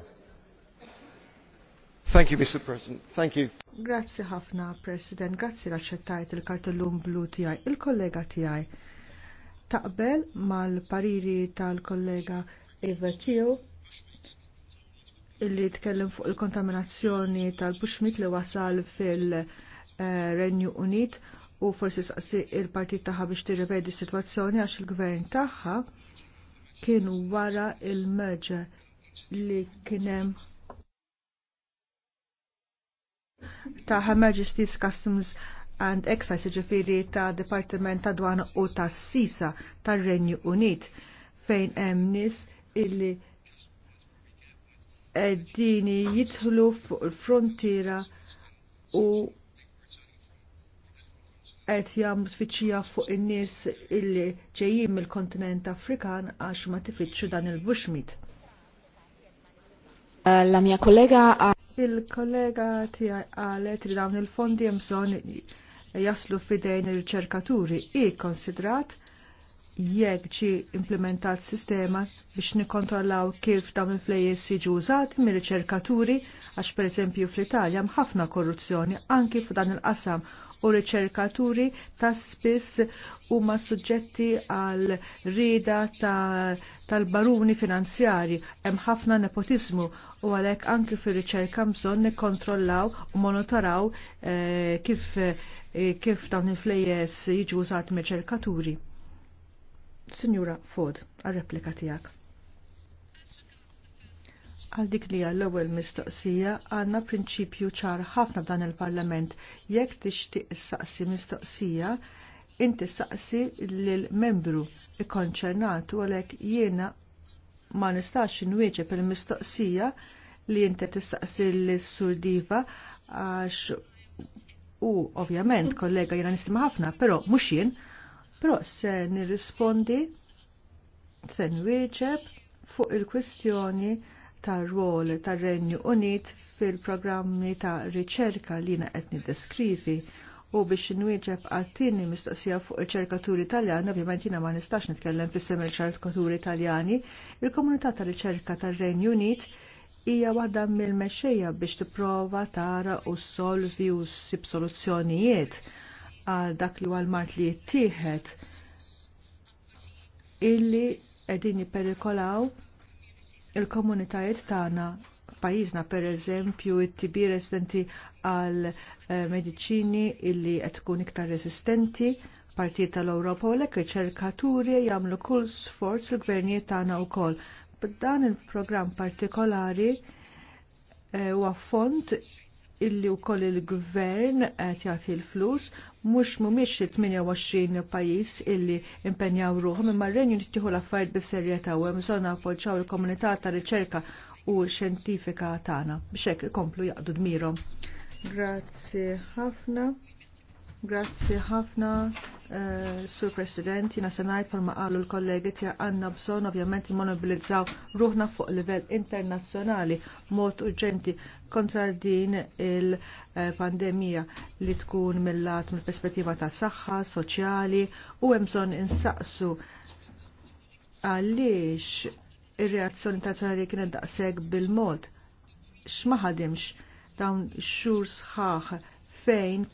Thank you, Mr. President. Thank you. Grazzi ħafna, President. Grazzi raċċettajt il-kartellum blu tiegħi, il-kollega tiegħi. Taqbel mal-pariri tal-kollega Eva Tio illi tkellem fuq il-kontaminazzjoni tal-buxmit li wasal fil-Renju eh, Unit u forsi saqsi il-partit taħħa biex tirrivedi situazzjoni għax il-gvern taħħa kien wara il-merġa li kienem taħħa Majesties Majesty's Customs and Excise ġifiri ta' Departiment ta' Dwana u ta' Sisa ta' Renju Unit fejn hemm nies illi dini jidħlu fuq il-frontiera u qed jagħmlu tfittxija fuq in-nies illi ġejjin mill-kontinent Afrikan għax ma tifittxu dan il-bushmit. Eh, la mia kollega il-kollega tiegħi qalet li dawn il-fondi hemm bżonn jaslu fidejn ir-riċerkaturi i konsidrat jekk ġi implementat sistema biex nikkontrollaw kif dawn il-flejjes jiġu użati mir-riċerkaturi għax pereżempju fl-Italja mħafna korruzzjoni anki f'dan il-qasam u riċerkaturi ta' spiss huma suġġetti għal rida tal-baruni ta finanzjari hemm ħafna nepotizmu u għalhekk anki fir-riċerka bżonn nikkontrollaw u monitoraw eh, kif eh, kif dawn il-flejjes jiġu użat mir riċerkaturi Signora Ford, għal-replika tijak. Għal dik li għall ewwel mistoqsija għanna prinċipju ċar ħafna f'dan il-Parlament. Jekk tixtieq saqsi mistoqsija, inti saqsi lill-membru ikkonċernatu għalhekk jiena ma nistax inwieġeb il-mistoqsija li inti tistaqsi lis-Sur Diva għax u ovvjament kollega jiena nistima ħafna, però mhux jien Però se nirrispondi, se nwieġeb fuq il-kwistjoni tar rol tar renju Unit fil-programmi ta' riċerka li na qed niddeskrivi u biex nwieġeb għattini mistoqsija fuq il-ċerkaturi Italjani, ovvijament jina ma nistax nitkellem fis-sem il-ċerkaturi Italjani, il-komunità ta' riċerka tar renju Unit hija waħda mill-mexxejja biex tipprova tara u solvi u ssib soluzzjonijiet għal dak li għal mart li jittieħed illi qegħdin jipperikolaw il-komunitajiet tagħna pajjiżna per eżempju it-TB residenti għal eh, mediċini illi qed tkun iktar resistenti partijiet tal-Ewropa u lek riċerkaturi jagħmlu kull sforz il-gvernijiet tagħna wkoll. B'dan il-programm partikolari eh, huwa fond illi wkoll il-gvern qed jagħti l-flus mhux mhumiex il-28 pajjiż illi impenjaw ruħu, imma r-Renju Unit l-affarijiet bis-serjetà u hemm bżonn il-komunità ta' riċerka u xjentifika tagħna biex hekk ikomplu jaqdu dmirhom. Grazzi ħafna. Grazzi ħafna, uh, Sur President, jina senajt pal maqalu l-kollegi tja għanna bżon ovvjament il-monobilizzaw ruħna fuq livell internazzjonali mod urġenti kontra din il-pandemija li tkun millat mill-perspettiva ta' saħħa, soċjali u hemm bżonn insaqsu għaliex ir-reazzjoni internazzjonali kienet daqseg bil-mod x'ma ħadimx dawn xhur sħaħ fejn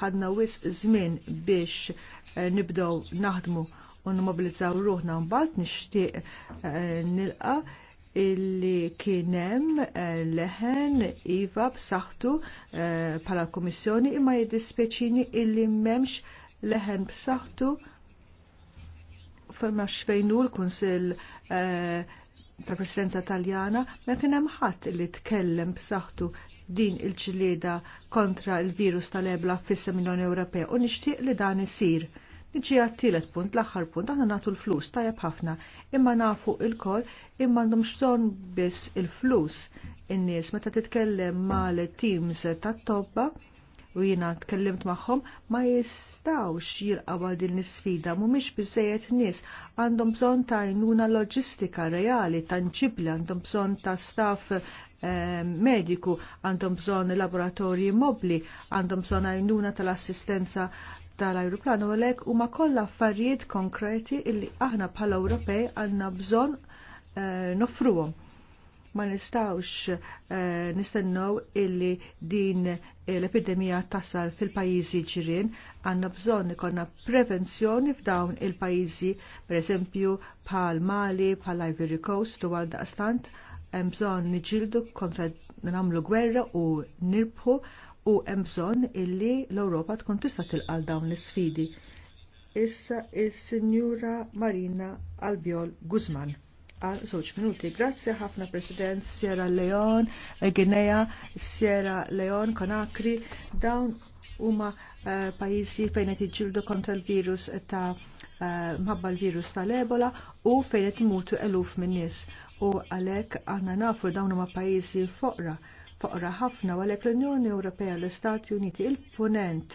ħadna wis żmien biex eh, nibdow naħdmu u nmobilizzaw ruħna mbagħad nixtieq eh, nilqa illi kienem eh, leħen Iva b'saħħtu bħala kummissjoni imma jiddispeċini illi m'hemmx leħen b'saħħtu ferma xfejnu l-Kunsill tal-Presidenza Taljana ma kien hemm ħadd li tkellem b'saħħtu din il-ġlieda kontra il-virus tal-ebla fis-Seminjoni Ewropea u nixtieq li dan isir. Niġi għattilet punt, l-aħħar punt, aħna nagħtu l-flus tajjeb ħafna, imma nafu il-kol imma għandhom bżonn biss il-flus. In-nies meta titkellem mal-teams tat-tobba u jiena tkellimt magħhom ma jistawx jilqaw din l-isfida mhumiex bizzejet nies għandhom bżonn ta' għajnuna loġistika reali, tanġibli, għandhom bżonn ta' staff Eh, mediku, għandhom bżonn laboratorji mobli, għandhom bżonn għajnuna tal-assistenza tal-ajruplanu għalek u ma kolla affarijiet konkreti illi aħna bħala Ewropej għanna bżon eh, nofruhom. Ma nistawx eh, nistennew nistennow illi din l-epidemija tasal fil-pajizi ġirien għanna bżon ikonna prevenzjoni f'dawn il-pajizi, per eżempju bħal Mali, bħal Ivory Coast u għal daqstant hemm bżonn niġildu kontra nagħmlu gwerra u nirbħu u hemm bżonn illi l-Ewropa tkun tista' tilqal dawn l-isfidi. Issa is-Sinjura Marina Albiol Guzman għal żewġ minuti. Grazzi ħafna President Sierra Leone, Guinea, Sierra Leone, Konakri, dawn huma uh, pajjiżi fejn qed jiġġieldu kontra l-virus ta' uh, mħabba l-virus tal-Ebola u fejn qed imutu eluf minn nies u għalhekk aħna nafu dawn huma pajjiżi foqra, foqra ħafna u għalhekk l-Unjoni Ewropea l-Istati Uniti il-punent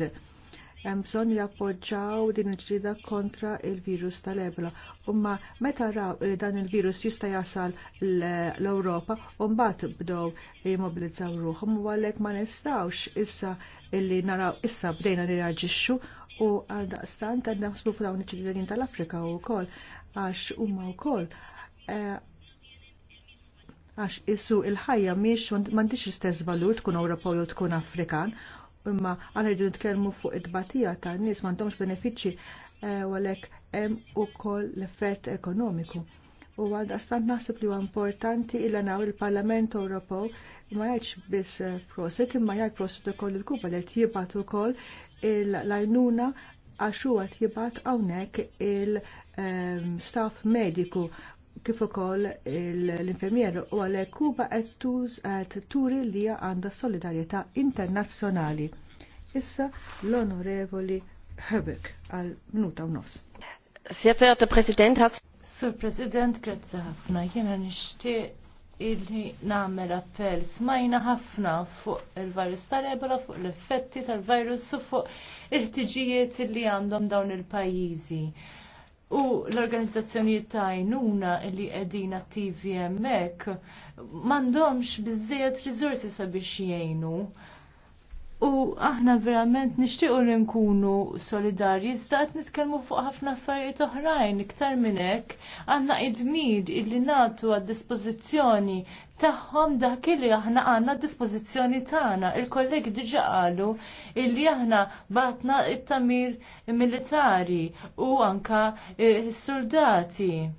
hemm bżonn jappoġġjaw din il-ġrida kontra il-virus tal-ebola. Umma meta raw eh, dan il-virus jista' jasal l-Ewropa, u mbagħad bdew jimmobilizzaw ruħhom u għalhekk ma nistgħux issa illi naraw issa bdejna nirraġixxu u għaldaqstant daqstant għad fuq dawn il ċittadin tal-Afrika wkoll għax huma wkoll eh, għax issu il-ħajja miex mandiċ l-istess valur tkun Ewropew u tkun Afrikan, imma għana rridu nitkellmu fuq it-batija ta' nies m'għandhomx benefiċċji eh, għalhekk hemm ukoll l-effett ekonomiku. U għal stant naħseb li huwa importanti illa naw il-Parlament Ewropew ma jgħidx biss eh, proset imma jgħid proset ukoll il-Kuba li qed jibgħat ukoll il-lajnuna għax huwa jibgħat hawnhekk il-staff ehm, mediku kif ukoll l-infermier u għalek Kuba qed turi li għandha solidarjetà internazzjonali. Issa l-Onorevoli Hebek għal minuta u nofs. Sir verehrter Präsident, hat Sur President, grazzi ħafna. Jena nixtieq illi nagħmel appell smajna ħafna fuq il-virus tal-ebola, fuq l-effetti tal-virus u fuq il-ħtiġijiet illi għandhom dawn il-pajjiżi. U l-organizzazzjonijiet ta' għajnuna li qegħdin attivi hemmhekk m'għandhomx biżejjed resources sabiex jgħinu U aħna verament nixtiequ li nkunu solidarji, iżda qed nitkellmu fuq ħafna affarijiet oħrajn iktar minn hekk għandna idmir illi nagħtu għad-dispożizzjoni tagħhom dak li aħna għandna d-dispożizzjoni tagħna. Il-kollegi diġà qalu illi aħna batna it-tamir militari u anka s-soldati eh,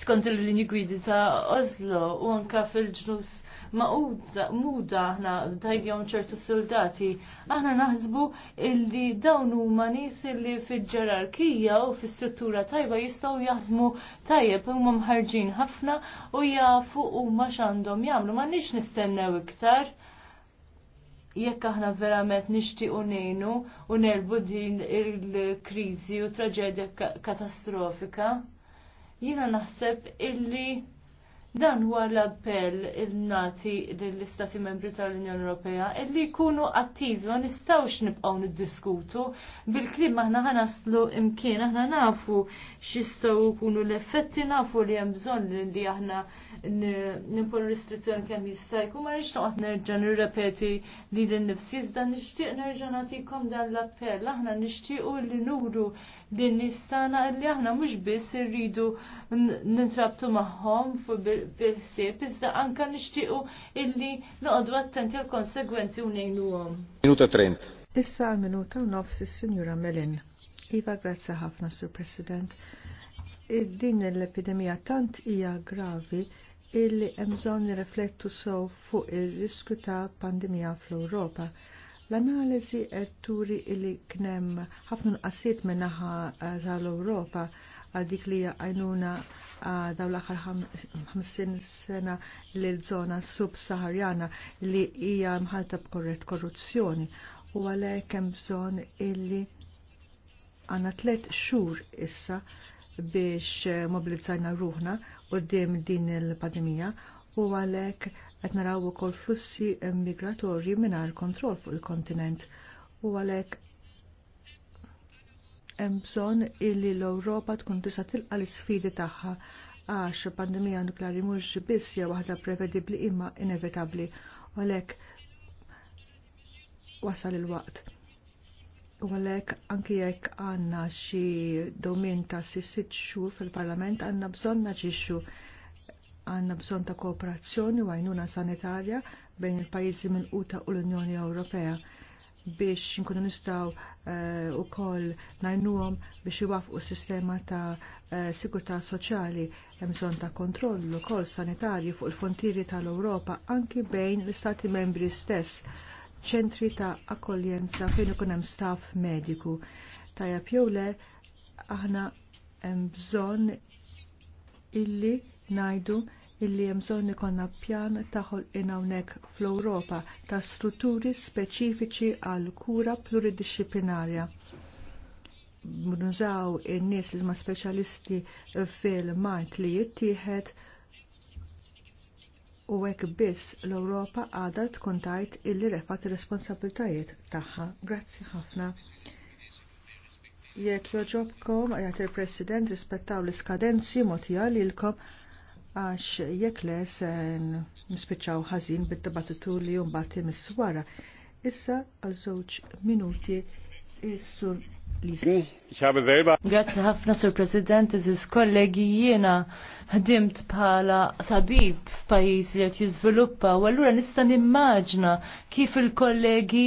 skont il-linji gwidi ta' Oslo u anka fil-ġlus muda aħna tajbjom ċertu soldati. Aħna naħsbu illi dawn huma nies illi fil-ġerarkija u fil-struttura tajba jistgħu jaħdmu tajjeb huma mħarġin ħafna u jafu huma x'għandhom jagħmlu. M'għandniex nistennew iktar jekk aħna verament nixtiequ ngħinu u nerbu din il-kriżi u traġedja katastrofika, jiena naħseb illi Dan huwa l-appell il-nati lill-Istati Membri tal-Unjoni Ewropea illi jkunu attivi ma nistgħux nibqgħu niddiskutu bil-kliem aħna naslu imkien aħna nafu x'jistgħu jkunu l-effetti nafu li hemm bżonn li aħna nimponu restrizzjoni kemm jista' jkun ma rridx noqgħod nerġa' nirrepeti li l-nifsi iżda nixtieq nerġa' nagħtikom dan l-appell aħna nixtiequ li nuru din nistana li aħna mhux biss irridu nintrabtu magħhom bil-ħsieb iżda anke nixtiequ illi noqogħdu attenti għal konsegwenzi u ngħinuhom. Minuta trent. Issa għal minuta u nofs is-Sinjura Melin. Iva, grazzi ħafna, Sur President. Din l-epidemija tant hija gravi illi hemm bżonn nirriflettu sew fuq ir-riskju ta' pandemija fl-Ewropa. L-analiżi qed turi li knem ħafna nqasiet min-naħa eh, tal-Ewropa għal dik li għajnuna daw l-axar 50 sena l-zona sub-saharjana li hija mħalta b'korret korruzzjoni u għalhekk hemm bżonn illi għanna tlet xhur issa biex eh, mobilizzajna ruħna qudiem din il-pandemija u għalhekk qed naraw ukoll flussi migratorji mingħajr kontroll fuq il-kontinent u għalhekk hemm bżonn illi l-Ewropa tkun tista' tilqa' l-isfidi tagħha għax pandemija nukleari mhux biss hija waħda prevedibbli imma inevitabbli u għalhekk wasal il-waqt. U għalhekk anki jekk għandna xi domin ta' sisit xhur fil-Parlament għandna bżonn naġixxu għanna bżon ta' kooperazzjoni u għajnuna sanitarja bejn il-pajjiżi minn uta u l-Unjoni Ewropea biex nkunu nistaw eh, u koll najnuhom biex iwafqu s-sistema ta' eh, sigurtà soċjali hemm bżonn ta' kontrollu ukoll sanitarju fuq il-fontieri tal-Ewropa anki bejn l-istati membri stess ċentri ta' akkoljenza fejn ikun hemm staff mediku. Tajab jew le aħna hemm bżonn illi ngħidu illi jemżon ikonna pjan taħol inawnek fl-Ewropa ta' strutturi speċifiċi għal kura pluridisciplinarja. Nużaw in-nies li ma speċjalisti fil-mart li jittieħed u hekk biss l-Ewropa għadha tkun tajt illi refat ir-responsabiltajiet tagħha. Grazzi ħafna. Jekk joġobkom, għajat il-President, rispettaw l-iskadenzi motija lilkom għax jekk le se nispiċċaw ħażin bid-dibattitu li jumbat mis-swara. Issa għal żewġ minuti is-sur Hm, Grazzi ħafna sur President, iżis kollegi jiena ħdimt bħala sabib f'pajjiż li qed jiżviluppa u allura nista' nimmaġna kif il-kollegi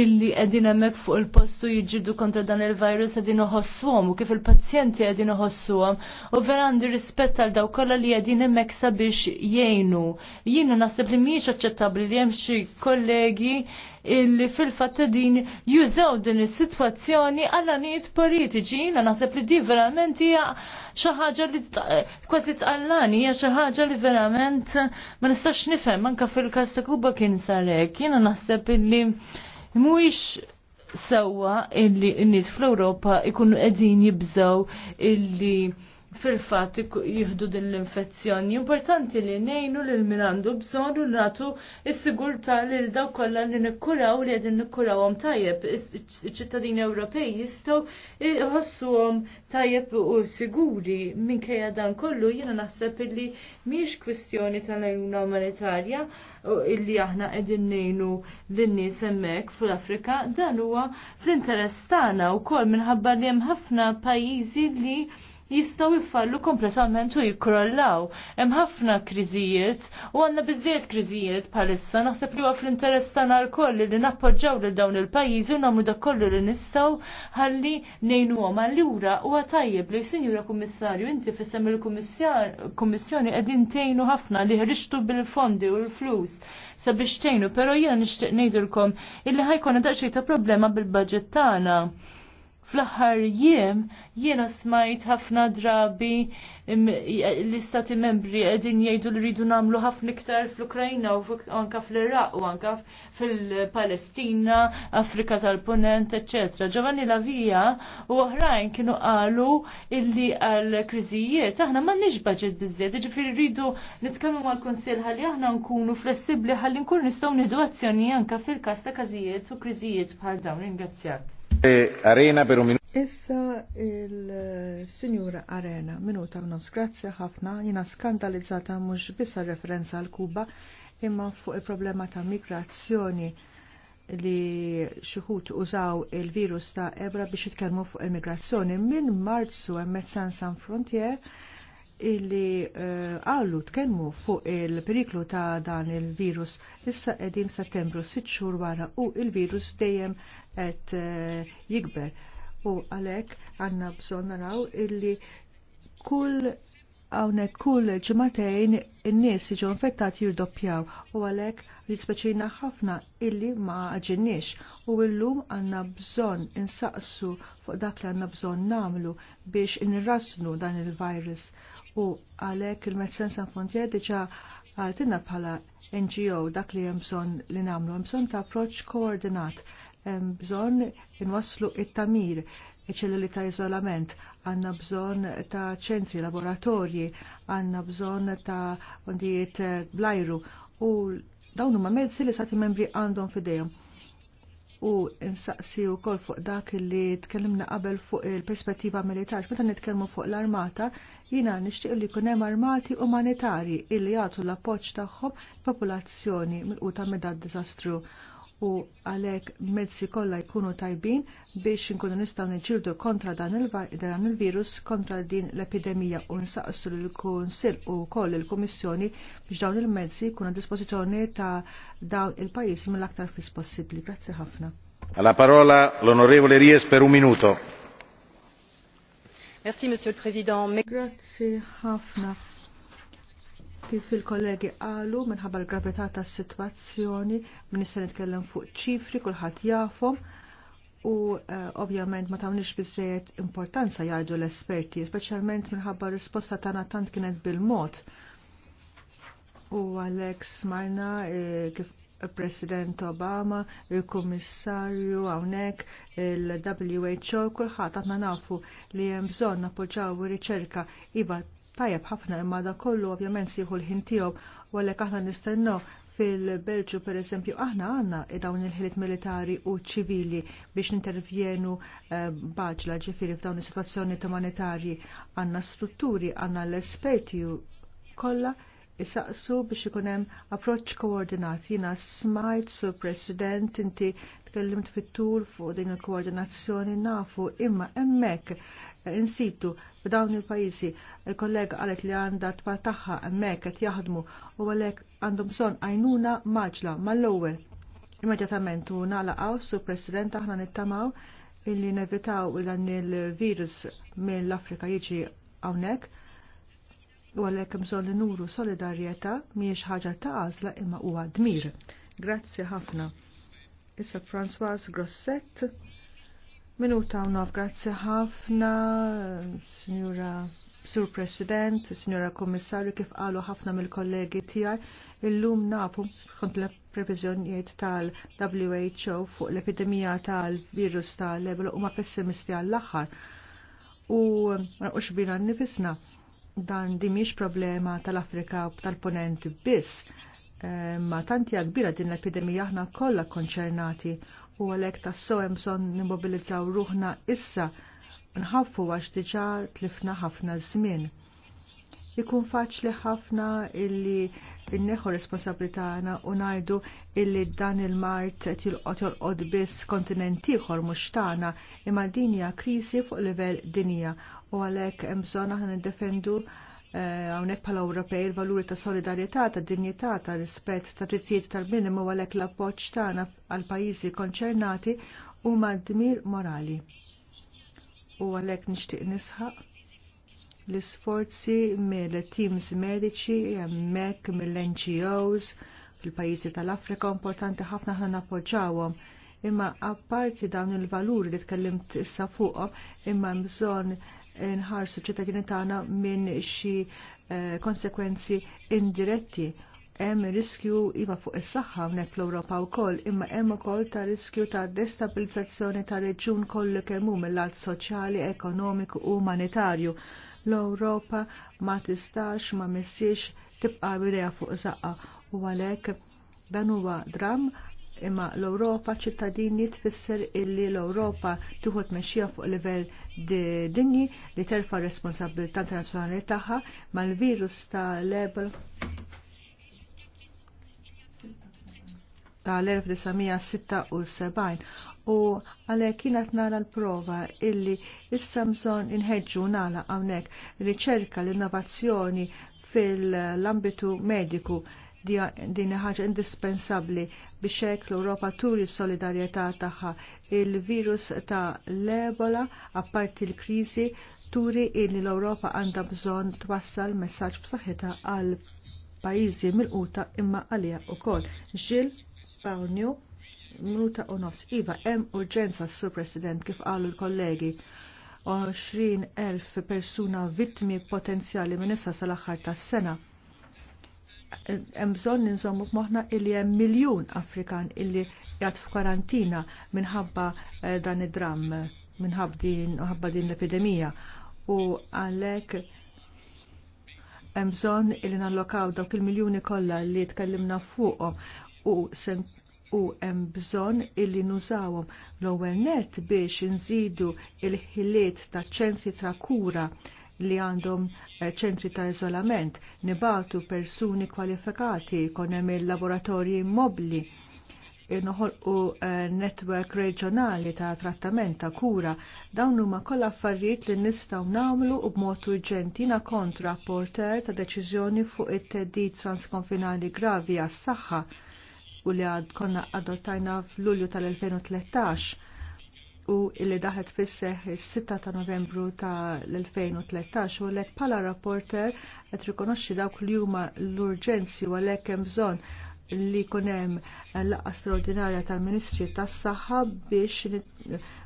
illi qegħdin hemmhekk fuq il-postu jiġġieldu kontra dan il-virus qegħdin iħossuhom u kif il-pazjenti qegħdin iħossuhom u vera għandi rispett għal daw kollha li qegħdin hemmhekk sabiex jgħinu. Jiena naħseb li mhijiex aċċettabbli li hemm xi kollegi illi fil-fatt din jużaw din is-sitwazzjoni għal anijiet politiċi. Jiena naħseb li di verament hija xi ħaġa li kważi tqallani hija xi ħaġa li verament ma nistax nifhem anke fil-każ ta' Kuba kien sarek. Jiena naħseb illi mhuwiex sewwa illi n-nies fl-Ewropa jkunu qegħdin jibżgħu illi fil-fat jihdu din l-infezzjoni. Importanti li nejnu li l-mirandu bżonu natu il sigurta li l-daw kolla li nikkuraw li għedin nikkuraw għom tajjeb. Iċ-ċittadini Ewropej jistaw iħossu għom tajjeb u siguri minn kajja dan kollu jina naħseb li miex kwistjoni tal-ajuna umanitarja illi aħna qegħdin nejnu lin-nies hemmhekk fl-Afrika dan huwa fl-interess tagħna wkoll minħabba li hemm ħafna pajjiżi li jistgħu jfallu kompletament u jikrollaw. Hemm ħafna kriżijiet u għandna biżżejjed kriżijiet bħalissa naħseb li huwa fl-interess tagħna lkoll li nappoġġaw lil dawn il-pajjiżi u nagħmlu dak kollu li nistgħu ħalli ngħinuhom allura huwa tajjeb li Sinjura Kummissarju inti fissem il-Kummissjoni qegħdin tgħinu ħafna li ħrixtu bil-fondi u l-flus sabiex tgħinu, però jiena nixtieq ngħidilkom illi ħajkun daqsxejn ta' problema bil-baġġett tagħna fl-aħħar jiem jiena smajt ħafna drabi l-istati membri qegħdin jgħidu li rridu nagħmlu ħafna iktar fl-Ukrajna u anka fl-Iraq u anka fil-Palestina, Afrika tal-Punent, eċetera. Giovanni Lavija u oħrajn kienu qalu illi għal kriżijiet aħna m'għandniex budget biżżejjed, Iġifieri rridu nitkellmu mal-Kunsill ħalli aħna nkunu flessibbli ħalli nkunu nistgħu nieħdu azzjoni anka fil-każ ta' każijiet u kriżijiet bħal dawn. Ringrazzjak. Eh, Arena per un minuto. Issa il-Sinjura Arena, minuta u nofs, grazie ħafna, jina skandalizzata mux bissa referenza għal Kuba imma fuq il-problema ta' migrazzjoni li xuħut użaw il-virus ta' ebra biex jitkellmu fuq il-migrazzjoni minn marzu emmet San San Frontier illi eh, għallu uh, tkellmu fuq il-periklu ta' dan il-virus issa qegħdin settembru sitt xhur wara u il-virus dejjem qed uh, jikber. U għalhekk għandna bżonn naraw illi kull hawnhekk kull ġimagħtejn in-nies jiġu infettati jirdoppjaw u għalhekk speċina ħafna illi ma ġinniex u llum għandna bżonn insaqsu fuq dak li għandna bżonn nagħmlu biex inirrasnu dan il-virus. il virus u għalhekk il-Medicine San Frontier diġà għaltinna bħala NGO dak li hemm bżonn li nagħmlu hemm bżonn ta' approċċ koordinat, hemm bżonn inwasslu it-tamir ċelluli ta' izolament, għanna bżon ta' ċentri, laboratorji, għanna bżon ta' ondijiet blajru u dawn huma mezzi li sati membri għandhom fidejhom u nsaqsi u kol fuq dak li tkellimna qabel fuq il-perspettiva militari. Meta nitkellmu fuq l-armata, jina nishtiq li jkun hemm armati umanitarji illi jagħtu l-appoġġ tagħhom popolazzjoni ta' meda d diżastru u għalek mezzi kollha jkunu tajbin biex inkunu nistgħu niġġieldu kontra dan il-virus kontra din l-epidemija u nsaqsu l-Kunsill u koll il-Kummissjoni biex dawn il-mezzi jkunu a dispożizzjoni ta' dawn il-pajjiż mill-aktar fis possibbli. Grazzi ħafna. Alla parola l'onorevole Ries per un minuto. Merci, Monsieur le Président. Grazie ħafna. Kif il-kollegi qalu minħabba l-gravità tas-sitwazzjoni, minista nitkellem fuq ċifri, kulħadd jafhom, u uh, ovvjament ma tawniex biżejjed importanza jgħidu l-esperti, speċjalment minħabba risposta tagħna tant kienet bil-mod. U Alex Majna, eh, kif President Obama, il-Kummissarju hawnhekk, il-WHO, kulħadd aħna nafu li hemm bżonn appoġġaw riċerka iva tajab ħafna imma da kollu ovvjament siħu l-ħin tiegħu kħahna għalhekk fil-Belġu per eżempju aħna għanna dawn il-ħiliet militari u ċivili biex nintervjenu eh, baġla ġifiri f'dawn is-sitwazzjoni umanitarji għanna strutturi għanna l-esperti kollha isaqsu biex ikun hemm approċċ koordinat. Jiena smajt su President inti tkellimt fit-tul fuq din il-koordinazzjoni nafu imma hemmhekk insitu b'dawn il-pajjiżi il-kollega qalet li għandha tfal tagħha hemmhekk qed jaħdmu u għalhekk għandhom bżonn għajnuna maġla mal-ewwel. Immedjatament u nalaqgħu su President aħna nittamaw illi nevitaw dan il-virus mill-Afrika jiġi hawnhekk u għalhekk imżon li nuru solidarjetà mhijiex ħaġa ta' għażla imma huwa dmir. Grazzi ħafna. Issa François Grosset. Minuta u nof, grazzi ħafna, signora Sur President, signora Kommissarju, kif qalu ħafna mill-kollegi tijaj, illum nafu kont l-previżjonijiet tal-WHO fuq l-epidemija tal-virus tal-ebola u ma pessimisti għall-axar. U ma nqux bina nifisna dan di miex problema tal-Afrika u tal-ponent biss, eh, ma tanti kbira din l-epidemija aħna kollha konċernati u għalhekk tassew hemm bżonn nimmobilizzaw ruħna issa nħaffu għax diġà tlifna ħafna żmien. Ikun faċli ħafna illi neħu għana u ngħidu illi dan il-mart qed jolqod biss kontinent ieħor mhux tagħna imma din hija krisi fuq livell dinja u għalhekk hemm bżonn aħna niddefendu eh, hawnhekk bħala Ewropej il-valuri ta' solidarietà, ta' dinjità, ta' rispett, ta' trittijiet tal-minimu għalhekk l-appoġġ tagħna għal pajjiżi konċernati huma dmir morali. U għalhekk nixtieq nisħaq l-isforzi mill-teams mediċi hemmhekk mill-NGOs fil-pajjiżi tal-Afrika importanti ħafna ħna nappoġġawhom imma apparti dawn il-valuri li tkellimt issa fuqhom imma bżonn nħarsu ċittadini tagħna minn xi eh, konsekwenzi indiretti hemm riskju iva fuq is-saħħa hawnhekk fl-Ewropa wkoll, imma hemm ukoll ta' riskju ta' destabilizzazzjoni ta' reġjun kollu kemm hu mill-alt soċjali, ekonomiku u umanitarju. L-Ewropa ma tistax ma missiex tibqa' bidejha fuq saqqa u għalhekk dan huwa dram imma l-Europa ċittadini tfisser illi l-Europa tuħod mexxija fuq livell dinji li terfa' responsabilità internazzjonali tagħha mal-virus ta' l-ebol ta' l-1976 u għalek kienet nara l-prova illi issa bżonn inħeġġu nala hawnhekk riċerka l-innovazzjoni fil-ambitu mediku din ħaġa indispensabbli biex hekk l-Ewropa turi solidarjetà tagħha. Il-virus ta' l-Ebola, apparti l-kriżi, turi li l-Ewropa għandha bżonn twassal messaġġ b'saħħitha għal pajjiżi mill-quta imma għalija wkoll. Ġil Pawnju, minuta u nofs. Iva, hemm urġenza, Sur President, kif qalu l-kollegi. 20.000 persuna vittmi potenzjali minn issa sal-aħħar tas-sena hemm bżonn ninżommu f'moħħna illi hemm miljun Afrikan illi jgħat f'karantina minħabba eh, dan id-dram minħabba din l-epidemija u għalhekk hemm bżonn illi nallokaw dawk il-miljuni kollha li tkellimna fuqhom u sen u hemm bżonn illi nużawhom l-ewwel net biex inżidu il-ħiliet ta' ċentri ta' kura li għandhom eh, ċentri ta' izolament, nibatu persuni kwalifikati, konem il-laboratorji mobli, noħolqu eh, netwerk reġjonali ta' trattament ta' kura, dawn huma kollha affarijiet li nistgħu nagħmlu u b'mod urġentina kontra porter ta' deċiżjoni fuq it-teddid transkonfinali gravi għas-saħħa u li għad konna adottajna fl-Lulju tal-2013 u illi daħet fisseħ il-6 ta' novembru ta' l-2013 u l-ek pala rapporter għet rikonoxxi dawk li huma l-urġenzi u għalek hemm bżonn li kunem laqqa straordinarja tal-Ministri tas-Saħħa biex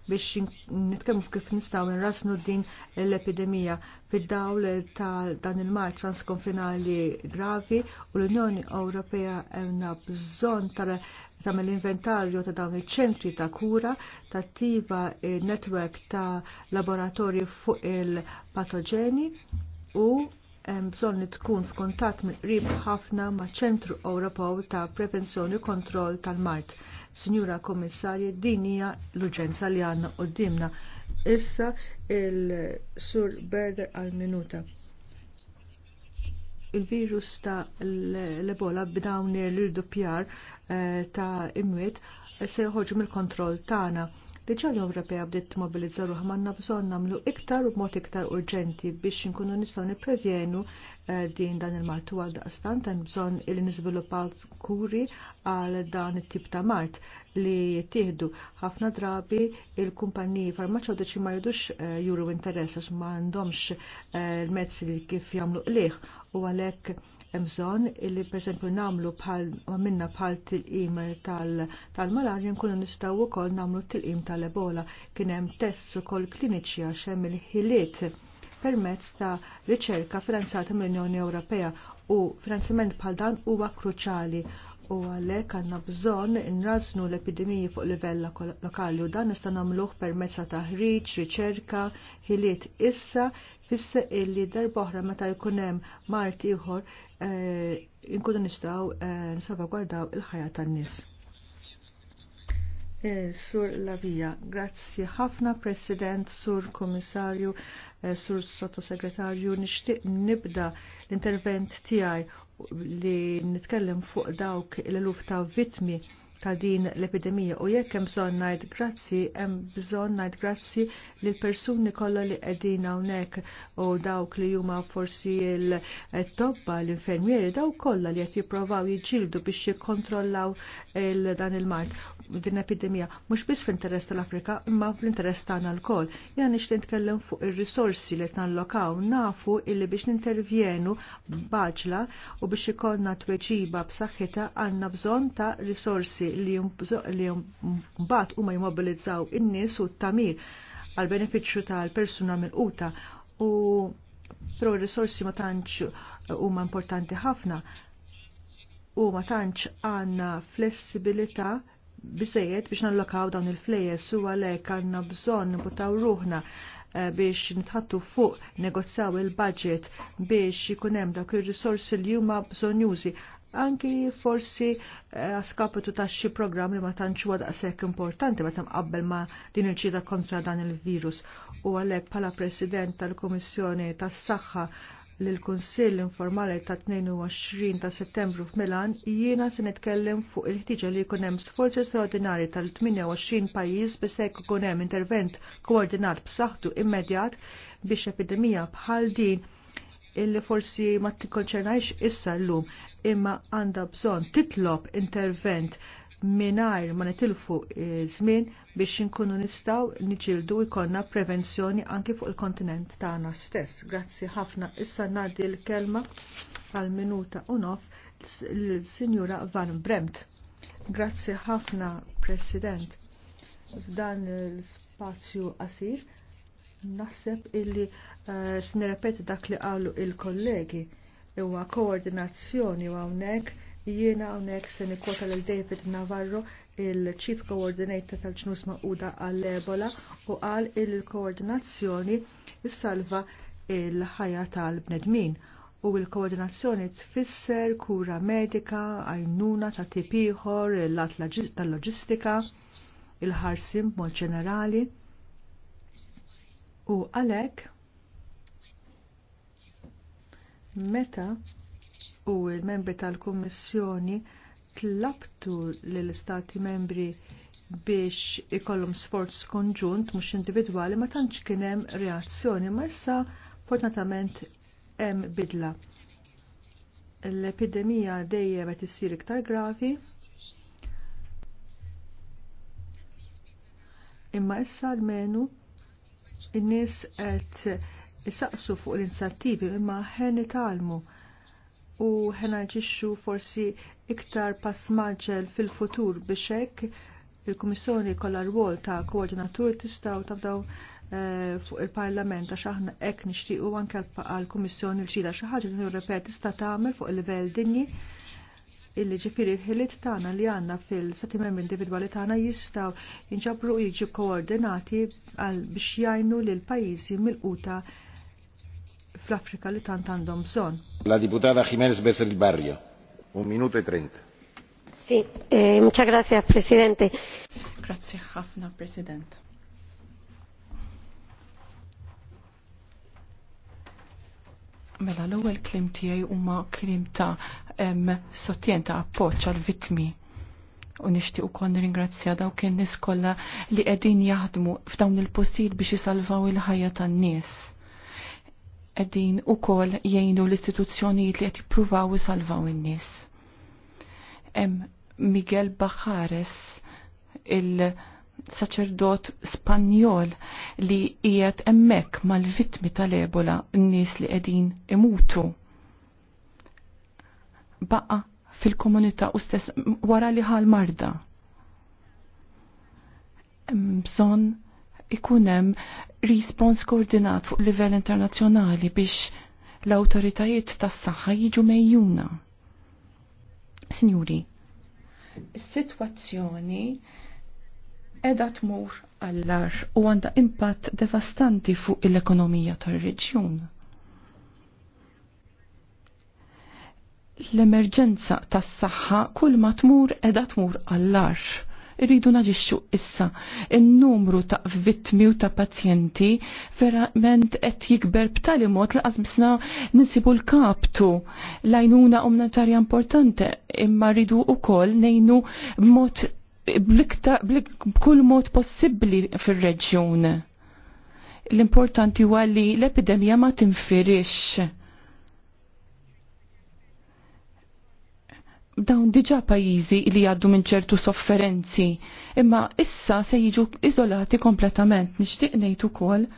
biex nitkellmu kif nistgħu nrasnu din l-epidemija fid-dawl ta' dan il-mar transkonfinali gravi u l-Unjoni Ewropea għandna bżonn tal tagħmel inventarju ta' dawn iċ-ċentri ta' kura tattiva netwerk ta' laboratorji fuq il-patoġeni u hemm bżonn li tkun f'kuntatt minn qrib ħafna ma' ċentru Ewropew ta' prevenzjoni u kontroll tal-Mart. Sinjura Kommissarju, din hija l-urġenza li għandna qudiemna. Issa il-Sur Berder għal-Minuta il-virus ta' l-ebola b'dawn l-irdupjar eh, ta' imwiet se joħorġu mill-kontroll tagħna. Diġa l-Ewropea bdiet tmobilizza ruħ manna bżonn nagħmlu iktar u b'mod iktar urġenti biex inkunu nistgħu nipprevjenu eh, din dan il-martu għal daqstant hemm bżonn li niżviluppaw kuri għal dan it-tip ta' mart li jittihdu. ħafna drabi il-kumpaniji farmaceutiċi ma jidux eh, juru interess ma għandhomx eh, l-mezzi li kif jagħmlu liħ u għalhekk emżon illi per esempio namlu pal, minna pal til-im tal-malarja nkunu nistaw u kol namlu til-im tal-ebola. Kienem tests u kol klinici għaxem il-ħiliet permezz ta' riċerka finanzata mill-Unjoni Ewropea u finanzament bħal dan huwa kruċali u għalhekk għandna bżon nraznu l-epidemiji fuq livell lokali u dan nista' nagħmluh permezz ta' taħriġ, riċerka, ħiliet issa Fissa illi oħra meta jkun hemm mart ieħor eh, inkunu nistgħu eh, nsalvagwardaw il-ħajja tan-nies. Eh, Sur Lavija, grazzi ħafna President, Sur Komissarju, Sur Sottosegretarju, nixtieq nibda l-intervent tiegħi li nitkellem fuq dawk l-eluf ta' vitmi ta' din l-epidemija u jekk hemm bżonn ngħid grazzi, hemm bżonn ngħid grazzi lil persuni kollha li qegħdin hawnhekk u dawk li huma forsi l-tobba l-infermieri dawk kollha li qed jippruvaw jiġġieldu biex jikkontrollaw il dan il-mart din epidemija mhux biss fl-interess tal-Afrika imma fl-interess tagħna lkoll. Jiena nixtieq nitkellem fuq ir-risorsi li tnallokaw nafu illi biex nintervjenu baġla u biex ikollna tweġiba b'saħħitha għandna bżonn ta' risorsi li mbagħad huma jimmobilizzaw in-nies u t-tamir għal benefiċċju tal-persuna mill uta u però r-risorsi ma tantx huma importanti ħafna u ma tantx għandna flessibilità bisejiet biex nallokaw dawn il-flejes u għalhekk għandna bżonn nibutaw ruħna eh, biex nitħattu fuq negozjaw il-budget biex jikunem dawk il-risorsi li huma bżonjużi anki forsi eh, a ta' xi programm li ma tantxu għad daqshekk importanti meta mqabbel ma' din il-ċida kontra dan il-virus u għalhekk bħala President tal-Kummissjoni tas-Saħħa l kunsill informali ta' 22 ta' Settembru f'Milan jiena se nitkellem fuq il-ħtiġa li jkun hemm sforzi straordinari tal-28 pajjiż biex se hemm intervent koordinat b'saħħtu immedjat biex epidemija bħal din illi forsi ma tikkonċernajx issa llum imma għandha bżonn titlob intervent mingħajr ma netilfu żmien biex inkunu nistgħu niġildu jkollna prevenzjoni anki fuq il-kontinent tagħna stess. Grazzi ħafna issa ngħaddi l-kelma għal minuta u nof l-Sinjura Van Bremt. Grazzi ħafna, President, f'dan l-spazju qasir Naħseb illi uh, eh, s dak li qalu il-kollegi huwa koordinazzjoni u hawnhekk jiena hawnhekk se kota lil David Navarro il-Chief Coordinator tal-ġnus maquda għall-Ebola u qal il-koordinazzjoni salva il-ħajja tal-bnedmin u il-koordinazzjoni tfisser kura medika, għajnuna ta' tipiħor, il-lat tal-loġistika, il-ħarsim mod ġenerali U għalhekk meta u l-membri tal-Kummissjoni tlabtu lill-Istati membri biex ikollhom sforz konġunt mhux individwali ma tantx kien hemm reazzjoni ma issa fortunatament hemm bidla. L-epidemija dejjem qed issir iktar gravi. Imma issa almenu in-nies qed isaqsu fuq l-inizjattivi imma ħen italmu u ħen ġixxu forsi iktar pass fil-futur biex hekk il-Kummissjoni kollha rwol ta' koordinatur tistgħu tabdaw eh, fuq il-Parlament għax aħna hekk nixtiequ anke għall-Kummissjoni l-ċila xi ħaġa li repet tista' tagħmel fuq il-livell dinji illi ġifiri l-ħiliet tagħna li għandna fil-sati membri individwali tagħna jistgħu jinġabru jiġu koordinati biex jgħinu lil pajjiżi milquta fl-Afrika li tant għandhom bżonn. La diputata Jiménez Becerril Barrio, un minuto e trenta. Sì, eh, muchas gracias, Presidente. Grazie ħafna, President. Mela l-ewwel klim tiegħi huma klim ta' sottien ta' appoġġ għal vittmi u nixtieq ukoll nirringrazzja dawk in-nies kollha li qegħdin jaħdmu f'dawn il-postijiet biex isalvaw il-ħajja tan-nies. Qegħdin ukoll jgħinu l-istituzzjonijiet li qed jippruvaw isalvaw in-nies. Hemm Miguel Bajares il- saċerdot Spanjol li qiegħed hemmhekk mal-vittmi tal-Ebola n-nies li qegħdin imutu. Baqa fil-komunità u stess wara li ħal marda. Bżonn ikun hemm respons koordinat fuq livell internazzjonali biex l-awtoritajiet tas-saħħa jiġu mejjuna. Signuri, is-sitwazzjoni edha tmur għallar u għanda impatt devastanti fuq l-ekonomija tar-reġjun. L-emerġenza tas-saħħa kull ma tmur edha tmur għallar. Irridu naġixxu issa. il numru ta' vittmi u ta' pazjenti verament qed jikber b'tali mod li għazmisna nisibu l-kaptu. Lajnuna umnatarja importanti imma rridu wkoll nejnu b'mod b'kull mod possibbli fir-reġjun. L-importanti huwa li l-epidemija ma tinfirix. Dawn diġa pajjiżi li għaddu minn ċertu sofferenzi, imma issa se jiġu iżolati kompletament. Nixtieq ngħid ukoll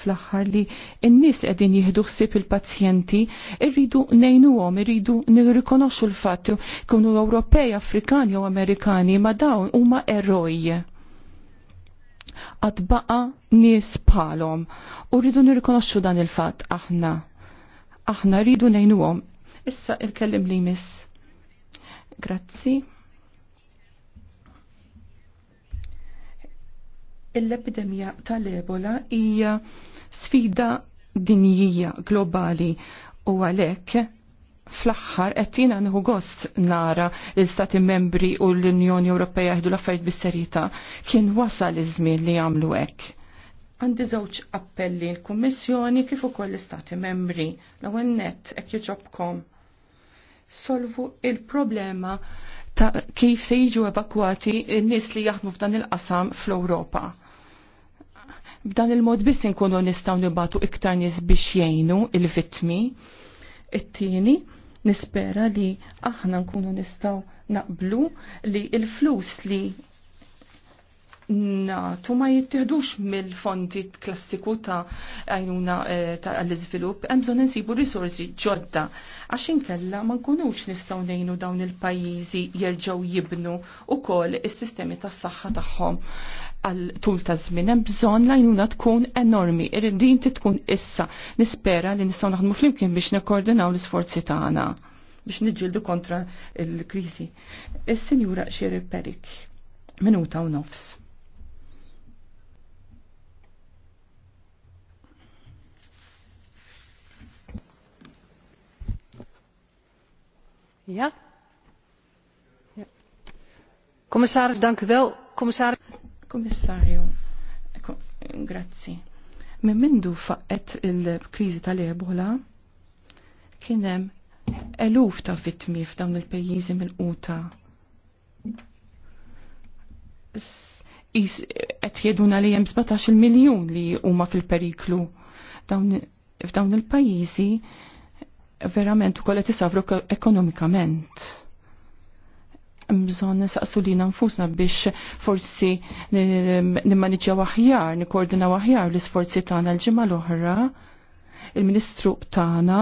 fl-aħħar li n-nis qegħdin jieħdu ħsieb il-pazjenti, irridu għom, irridu nirrikonoxxu l-fatt kunu Ewropej, Afrikani jew Amerikani ma dawn huma eroj. Għad baqa nies bħalhom u rridu nirrikonoxxu dan il-fatt aħna. Aħna rridu għom. Issa il-kellim li miss. Grazzi. l-epidemija tal-ebola hija sfida dinjija globali u għalhekk fl-aħħar qed nħu nieħu gost nara l-Stati Membri u l-Unjoni Ewropea jieħdu l-affarijiet bis-serjetà kien wasal iż-żmien li jagħmlu hekk. Għandi żewġ appelli l-Kummissjoni kif ukoll l-Istati Membri l-ewwel nett hekk jiġobkom. Solvu il-problema ta' kif se jiġu evakwati n-nies li jaħdmu f'dan il-qasam fl-Ewropa B'dan il-mod biss inkunu nistgħu nibatu iktar nies biex jgħinu il-vittmi. It-tieni nispera li aħna nkunu nistgħu naqblu li il-flus li natu ma jittieħdux mill-fondi klassiku ta' għajnuna eh, ta' l-izvilup, bżonn insibu risorsi ġodda. Għax inkella ma nkunux nistgħu ngħinu dawn il-pajjiżi jerġgħu jibnu kol is-sistemi tas-saħħa tagħhom għal tul ta' zmin, hemm bżonn lajnuna tkun enormi, irridin tkun issa. Nispera li nistgħu naħdmu flimkien biex nikkoordinaw l-isforzi tagħna biex niġġieldu kontra l-kriżi. Is-Sinjura Xiri Perik, minuta u nofs. Ja? ja. Commissaris, dank u wel. Commissaris. Kummissarju, grazzi. Minn mindu faqqet il-krizi tal-ebola, kienem eluf ta' vittmi f'dawn il pajjiżi mill-quta. Qed jeduna li hemm 17 miljun li huma fil-periklu f'dawn il-pajjiżi verament ukoll qed isavru ekonomikament bżon nisaqsu li nfusna biex forsi nimmaniġja aħjar, nikordina aħjar l-isforzi tagħna l-ġimgħa l-oħra. Il-Ministru tagħna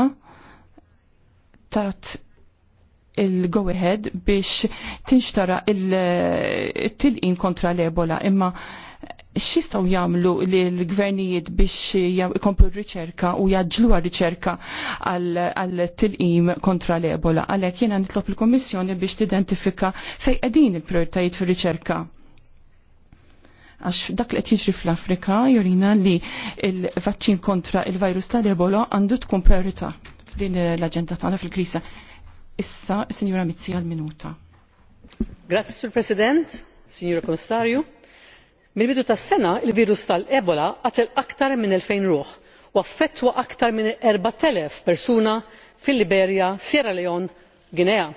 tat il-go-ahead biex tinxtara il-tilqin kontra l-ebola imma xistaw jamlu li l-gvernijiet biex jkomplu riċerka u jaġlu riċerka għal-tilqim kontra l-ebola. Għalek jena nitlob il-Komissjoni biex t-identifika fej edin il-prioritajiet fil riċerka għax dak li qed jiġri fl-Afrika jurina li il-vaċċin kontra il-virus tal-ebola għandu tkun priorità din l-aġenda tagħna fil-krisa. Issa, Sinjura Mizzi għal-minuta. Grazie, Sur President, Signora Komissarju mill-bidu tas-sena il-virus tal-ebola qatel aktar minn elfejn ruħ u affettwa aktar minn erba' telef persuna fil-liberja sierra leone guinea.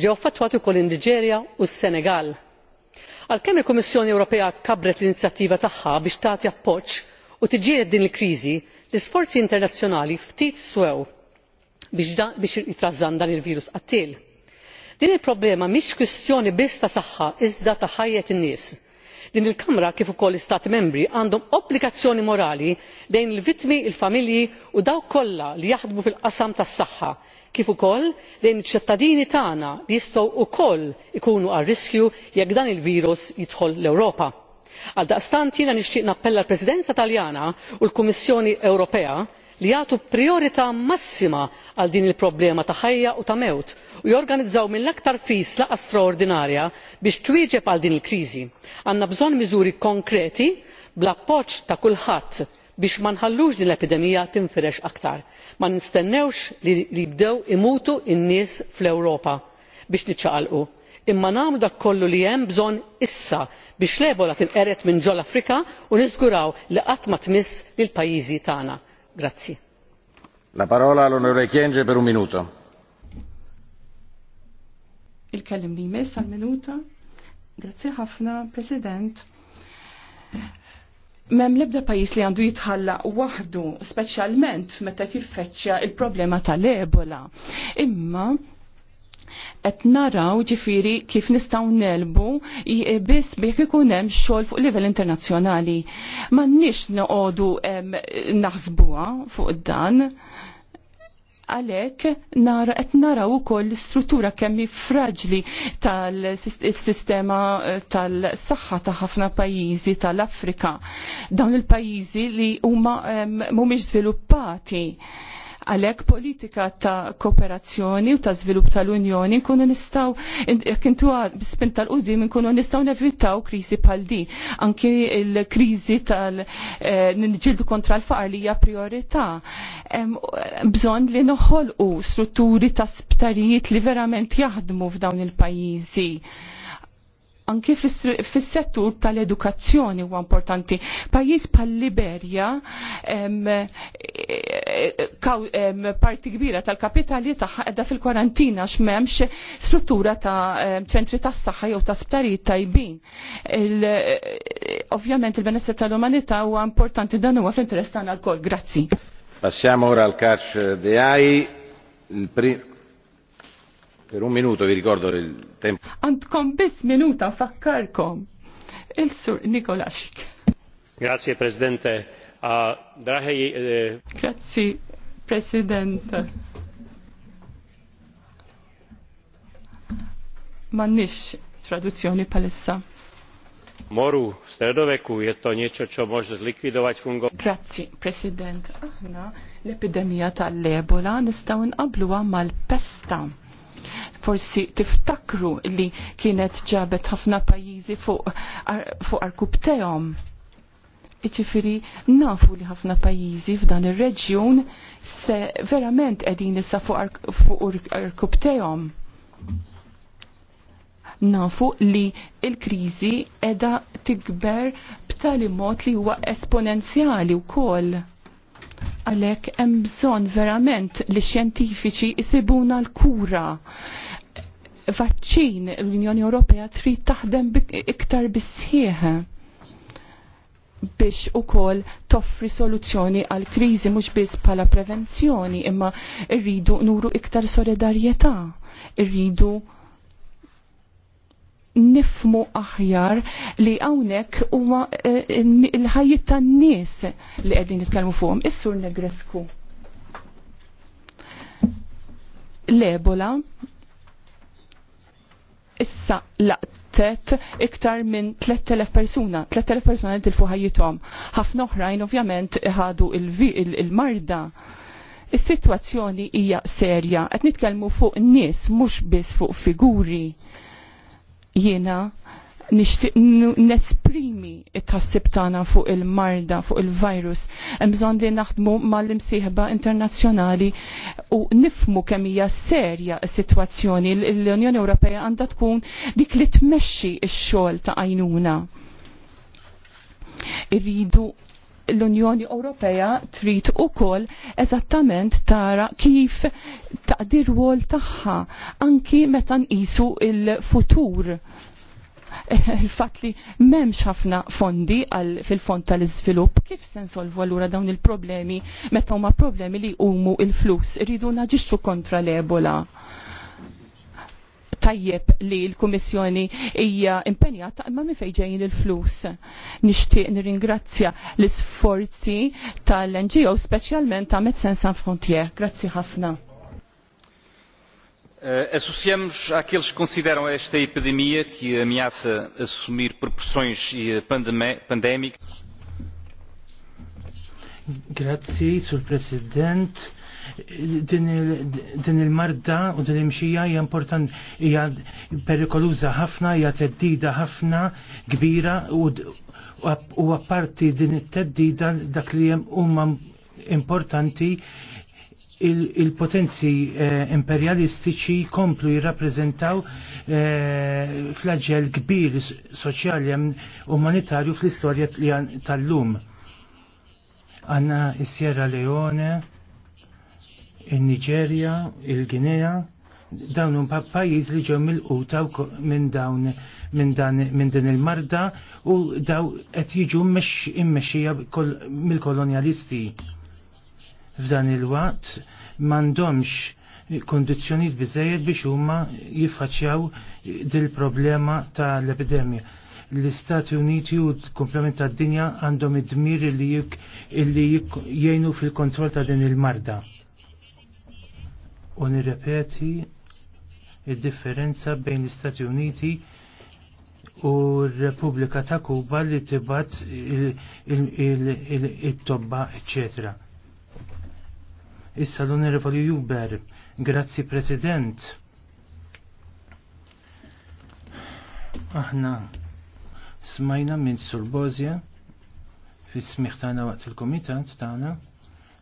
ġew affettwati wkoll in-niġerja u s-senegal. għalkemm il-kummissjoni ewropea kabbret l-inizjattiva tagħha biex tagħti appoġġ u tiġġieled din il-kriżi l-isforzi internazzjonali ftit sew biex jitrażżan dan il-virus qattil. din il-problema mhix kwistjoni biss ta' saħħa iżda ta' ħajja in nies din il-kamra kif ukoll l-istati membri għandhom obbligazzjoni morali lejn il-vittmi il-familji u dawk kollha li jaħdmu fil-qasam tas-saħħa kif ukoll lejn iċ-ċittadini tagħna li jistgħu wkoll ikunu għal riskju jekk dan il-virus jidħol l-ewropa. għaldaqstant jiena nixtieq nappella għall presidenza taljana u l kummissjoni ewropea li jagħtu prijorità massima għal din il-problema ta' ħajja u ta' mewt u jorganizzaw mill-aktar fis laqgħa straordinarja biex twieġeb għal din il-kriżi. għandna bżonn miżuri konkreti bl-appoġġ ta' kulħadd biex ma nħallux din l-epidemija tinfirex aktar ma nistennewx li jibdew imutu n nies fl-ewropa biex niċċaqalqu imma nagħmlu dak kollu li hemm bżonn issa biex l ebola tinqeret minn ġol afrika u niżguraw li qatt ma tmiss lill pajjiżi tagħna. Grazie. La parola all'onorevole Chienge per un minuto. Il-kellim li jmiss għal-minuta. Grazzi ħafna, President. Mem lebda pajis li għandu jitħalla waħdu, specialment meta tiffeċċja il-problema tal-ebola. Imma qed naraw ġifiri kif nistgħu nelbu e, biss biex ikun hemm xogħol fuq livell internazzjonali. M'għandniex noqogħdu naħsbuha fuq dan għalek nara qed naraw ukoll struttura kemm fraġli tal-sistema e, tal-saħħa ta' ħafna pajjiżi tal-Afrika. Dawn il-pajjiżi li huma mhumiex żviluppati Għalhekk politika ta' kooperazzjoni u ta' żvilupp tal-Unjoni nkunu nistgħu kintu spin tal-qudiem nkunu nistgħu nevitaw kriżi pal di. Anki l-kriżi tal-nġildu eh, kontra l-faqar li hija priorità. Bżonn li noħolqu strutturi ta' sptarijiet li verament jaħdmu f'dawn il-pajjiżi anki fis-settur tal-edukazzjoni huwa importanti. Pajjiż bħal-Liberja e, e, parti kbira tal-kapitali taħda fil-kwarantina x'memx struttura ta' ċentri tas-saħħa jew ta' sptarijiet tajbin. E, ovvjament il benesser tal-umanità huwa importanti dan huwa fl-interess tagħna l Grazzi. Passiamo ora al carcere di AI. Per un minuto vi ricordo il tempo. Antkom bis minuta fakkarkom. Il-sur Nikolaxik. Grazie Presidente. Uh, drahe, eh... Grazie Presidente. Mannix traduzzjoni palissa. Moru, stredoveku je to niečo, čo môže zlikvidovať fungovanie. Grazie, President. Aħna l-epidemija tal lebola nistaw nqabluha mal-pesta Forsi tiftakru li kienet ġabet ħafna pajjiżi fuq, fuq arkub tehom. Iċifiri, nafu li ħafna pajjiżi f'dan ir-reġjun se verament qegħdin issa fuq arkub tehom nafu li il-krizi edha tikber b'tali mod li huwa esponenzjali wkoll. Għalek hemm bżonn verament li xjentifiċi jsibuna l-kura vaċċin l-Unjoni Ewropea trid taħdem iktar bisħieħ biex u kol toffri soluzzjoni għal kriżi mux biss pala prevenzjoni imma irridu nuru iktar solidarieta irridu nifmu aħjar li hawnhekk huwa eh, l-ħajjiet tan-nies li qegħdin nitkellmu fuqhom. Is-sur Negresku. L-Ebola issa laqtet iktar minn 3000 persuna, 3000 persuna tilfu ħajjithom. Ħafna oħrajn ovvjament ħadu il-marda. Is-sitwazzjoni hija serja, qed nitkellmu fuq nies mhux biss fuq figuri Jiena nishtiq nesprimi it-tassib tagħna fuq il-marda, fuq il-virus. Hemm bżonn li naħdmu mal-imsieħba internazzjonali u nifmu kemm hija serja s-sitwazzjoni l-Unjoni Ewropea għandha tkun dik li tmexxi x-xogħol ta' għajnuna. Irridu l-Unjoni Ewropea trid ukoll eżattament tara kif taqdir wol tagħha anki meta nqisu il-futur il-fat li memx ħafna fondi għal fil-fond tal izvilup kif se nsolvu allura dawn il-problemi meta huma problemi li huma il-flus, rridu naġixxu kontra l-ebola tajjeb li l-Kummissjoni hija impenjata imma minn fejn ġejjin il-flus. Nixtieq nirringrazzja l-isforzi tal-NGO speċjalment ta' Medecins Sans Frontier. Grazzi ħafna. Uh, eh, associamos àqueles que consideram esta epidemia que ameaça assumir proporções eh, pandémicas. Grazie, Sr. Presidente din il-marda u din il-mxija hija important hija perikoluża ħafna, hija teddida ħafna kbira u apparti din it-teddida dak li huma importanti il-potenzi eh, imperialistiċi komplu jirrappreżentaw eh, flagġel flagell kbir soċjali umanitarju fl-istorja tal-lum. Għanna sierra Leone, il-Nigeria, il-Ginea, dawn un pajjiż li ġew mill-quta minn dawn minn dan minn din il-marda u daw qed jiġu mmexxija mill-kolonjalisti. F'dan il-waqt m'għandhomx kondizzjonijiet biżejjed biex huma jiffaċċjaw dil-problema tal-epidemja. L-Istati Uniti u l-komplement tad-dinja għandhom id-dmir li jgħinu fil-kontroll ta' din il-marda u nirrepeti il-differenza bejn l-Istati Uniti u r-Repubblika ta' Kuba li tibat il-tobba, eccetera. Issa l-Onorevoli Juber, grazzi President. Aħna smajna minn Surbozja fis smiħtana tagħna waqt il-Kumitat tagħna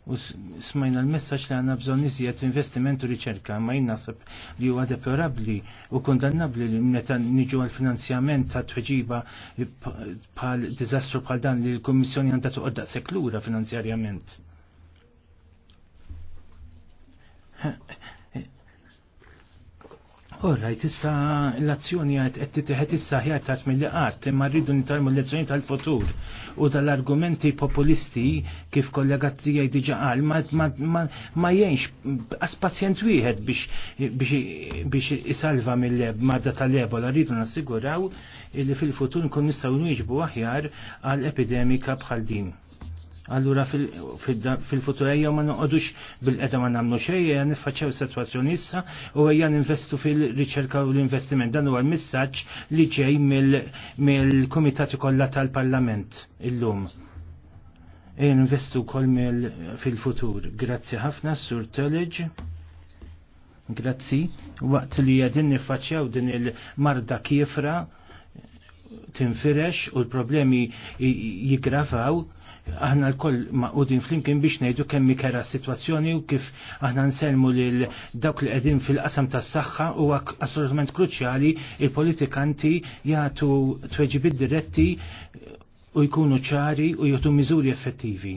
u smajna l-messaċ li għanna bżon iżjed investiment u riċerka, ma jinnasab li huwa deplorabli u kondannabli li meta niġu għal-finanzjament ta' tweġiba bħal dizastru bħal dan li l-Kommissjoni għandha toqgħodda seklura finanzjarjament. Orrajt, issa l-azzjoni għed qed titħed issa ħjar tat mill qatt imma rridu nitarmu l azzjoni tal-futur u tal-argumenti populisti kif kollega tiegħi diġa qal ma jenx għas-pazjent wieħed biex isalva mill-madda tal-ebola rridu nassiguraw li fil-futur nkun nistgħu nwieġbu aħjar għal epidemika bħal din. Allura fil-futur ejja ma noqodux bil-qeda ma namlu xejja nifaċċew situazzjoni issa u ejja ninvestu fil-riċerka u l-investiment. Dan huwa l missaġġ li ġej mill-Kumitati kollha tal-Parlament illum. Ej investu wkoll fil-futur. Grazzi ħafna, Sur Tolledge. Grazzi. Waqt li qegħdin nifacċaw din il-marda kifra tinfirex u l-problemi jigravaw aħna l-koll maqudin flimkien biex nejdu kemmi kera situazzjoni u kif aħna nselmu li dawk li qegħdin fil-qasam tas saħħa u assolutament kruċjali il-politikanti jagħtu tweġibid diretti u jkunu ċari u jgħatu miżuri effettivi